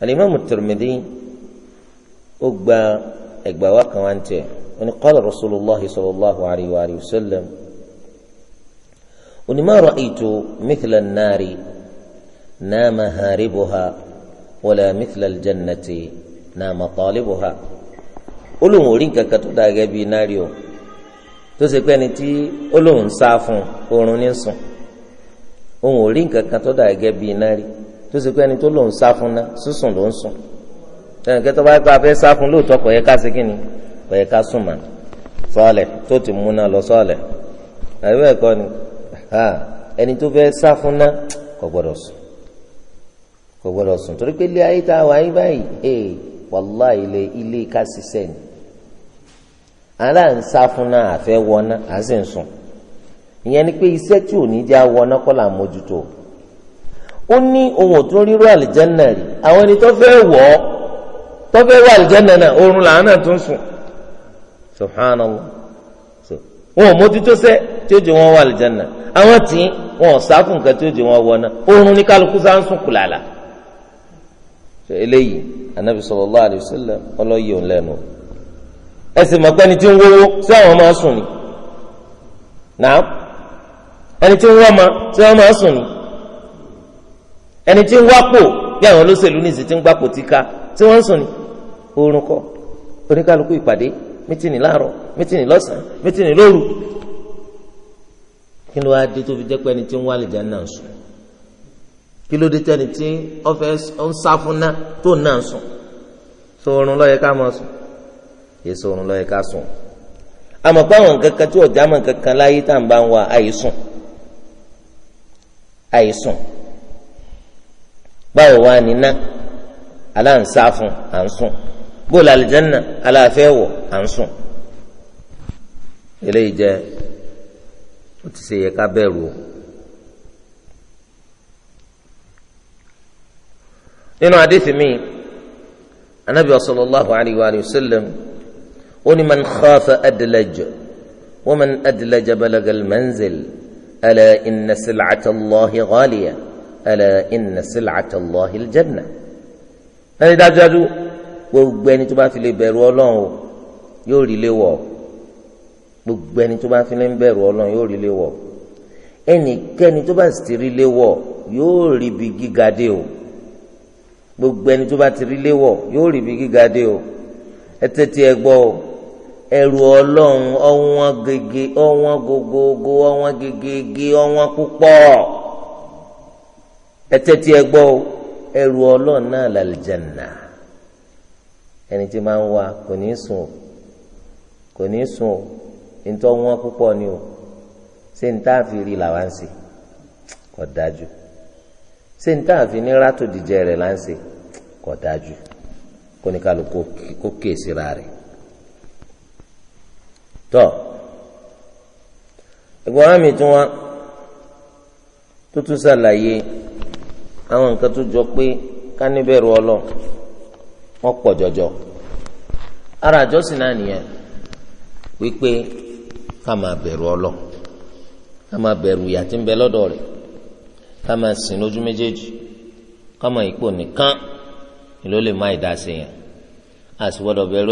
A: táwọn yìí ó gba ẹgbà wa kan wá ń tẹ̀ ó ní qala rasulullahi sallallahu alayhi wa sallam ó ní ma ra'aytu mithla an-nari nama haribuha wala mithla al-jannati nama talibuha ó lóun ò rí nǹkan kan tó dáa gẹ́gẹ́ bíi náírà o tó ṣe pé ẹni tí ó lóun fún oorun ní sùn òun ò nǹkan kan tó dáa gẹ́gẹ́ bíi náírà tó ṣe pé ẹni tó lóun sá fún ná sísùn ló ń sùn. ẹnì kẹtọ báyìí afe safun sá fún lóòótọ́ kò yẹ ká ṣe kíni kò yẹ ká súnmọ́ sọ́ọ̀lẹ̀ tó ti mú náà lọ sọ́ọ̀lẹ̀ àbẹ̀wò ẹ̀kọ́ ni ẹni tó fẹ́ sá fún náà kò gbọ́dọ̀ sùn kò gbọ́dọ̀ sùn torí pé ilé ayé tá a wà yín báyìí ee eh, wàllá ilé ilé ká ni ara ń sá fún náà sì ń sùn ìyẹn ni pé iṣẹ́ tí ò ní já wọná kọ́ là mójútó tọ́fẹ́ wà lìjẹ́nà náà oorun làwọn náà tún sùn subhanallah so wọn ò mójútó sẹ́ tí ó jẹ wọn wà lìjẹ́nà àwọn tí wọn ò sáfù nǹkan tí ó jẹ wọn wọ náà oorun ní kálukú sá ń sùn kùlàlà so eléyìí anabi sallallahu alaihi wasallam ọlọ́yẹ̀ òun lẹ́nu ẹsẹ̀ mọ̀pẹ́ni tí ń wọ́wọ́ sí àwọn máa sùn ni náà ẹni tí ń wọ́ ọmọ sí àwọn máa sùn ni ẹni tí ń wápò bí àwọn olóṣèlú nìsí ti ń gbapò ti ká tí wọ́n ń sùn ni. oorun kọ́ oníkálukú ìpàdé mítìnì láàárọ̀ mítìnì lọsàn án lóru kí ló wáá tó fi jẹ pé ẹni tí ń wá lè jẹ́ náà sùn kí ló dé tẹ́ni tí ọ̀fẹ́ ń sá fún ná tó náà sùn sóorun ló yẹ ká máa sùn yẹ sóorun ló yẹ ká sùn àwọn kankan tí kankan láyé bóòlù àlìjánà aláàfẹ́ wọ̀ à ń sùn eléyìí jẹ́ ó ti ṣe yẹ ká bẹ̀rù o. nínú àdéhùn mi anabi sallallahu alayhi wa sallam ó ní man khafa adlaj wa man adlaj balagal manzil ala inna silcata allahi ghaliya ala inna silcata allahi aljanna. ẹni dájúdájú gbogbo ẹni tó bá fi lè bẹ̀rù ọlọ́run o yóò rí lé wọ̀ gbogbo ẹni tó bá fi lè bẹ̀rù ọlọ́run yóò rí lé wọ̀ ẹnikẹ́ni tó bá sì ti rí lé wọ̀ yóò rí bí gíga dé o gbogbo ẹni tó bá ti rí lé wọ̀ yóò rí bí gíga dé o ẹ ẹ gbọ́ o ẹrù ọlọ́run ọ̀wọ́n gègé ọ̀wọ́n gogogo ọ̀wọ́n gègége ọ̀wọ́n púpọ̀ ẹ ẹ gbọ́ o ẹrù ọlọ́run náà làlìjànnà ẹni tí máa ń wá kò ní sùn o kò ní sùn o ntọ́ wọn púpọ̀ ni o ṣé n tá a fi rí làwa ń ṣe kò dájú ṣé n tá a fi ní rátò dìjẹ rẹ̀ là ń ṣe kò dájú kó ní kálukú kó kéèsì ra rẹ̀ tọ́ ẹ̀gbọ́n àmì tí wọ́n tó tún ṣàlàyé àwọn nǹkan tó jọ pé ká níbẹ̀rù ọlọ́run. wọn pọ jọjọ ara àjọsìn náà nìyẹn wípé ká máa bẹ̀rù ọlọ́ ká máa tí ń bẹ lọdọ rẹ ká máa sìn lójú méjèèjì ká ni ló lè má ìdásí yẹn a sì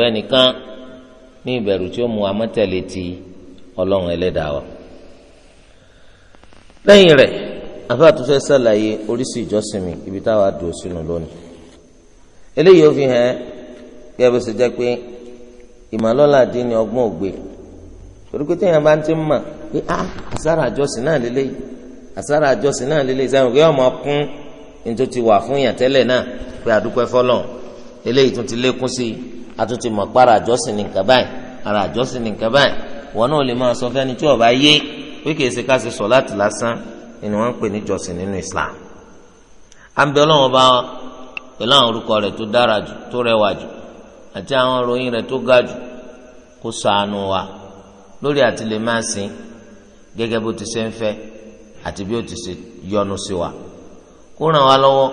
A: ẹnìkan ní ìbẹ̀rù tí ó ti ọlọrun ẹlẹ́dàá wa lẹ́yìn rẹ̀ àbá àtúnfẹ́ sàlàyé oríṣi ìjọsìn mi eléyìí ó fi hàn kí ẹ bó ṣe jẹ́ pé ìmọ̀lọ́lá dín ní ọgbọ́n ògbé torí pé téèyàn bá ń ti mọ̀ pé a ah, àsárà àjọsìn náà lélẹ́yìí àsárà àjọsìn náà lélẹ́yìí sẹ́wọ̀n kí ọmọ kún ní tó ti wà fún yàn tẹ́lẹ̀ náà pé àdúpẹ́ fọlọ́n eléyìí tún ti lékún sí i mọ̀ àjọsìn ní nǹkan báyìí ara àjọsìn ní nǹkan báyìí wọn náà lè máa sọ fẹ́ni tí ọba yé pé ṣe ká ṣe sọ láti lásán ni wọ́n ń pè ní pẹ̀lú àwọn orúkọ rẹ̀ tó dára jù tó rẹwà jù àti àwọn ìròyìn rẹ̀ tó ga jù kó ṣàánú wa lórí àti lè máa sìn gẹ́gẹ́ bó ti ṣe ń fẹ́ àti bí ó ti ṣe yọ́nú sí wa kó ràn wá lọ́wọ́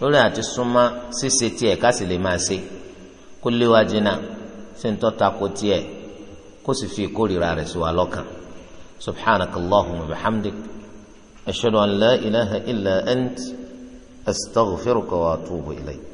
A: lórí àti súnmọ́ ṣíṣe tiẹ̀ ká sì lè máa ṣe kó lé jìnnà ṣe ń tọ́ta kó tiẹ̀ kó sì fi ìkórìíra rẹ̀ sí wa lọ́kàn subhanakallahumma wa bihamdik ashhadu an أستغفرك وأتوب إليك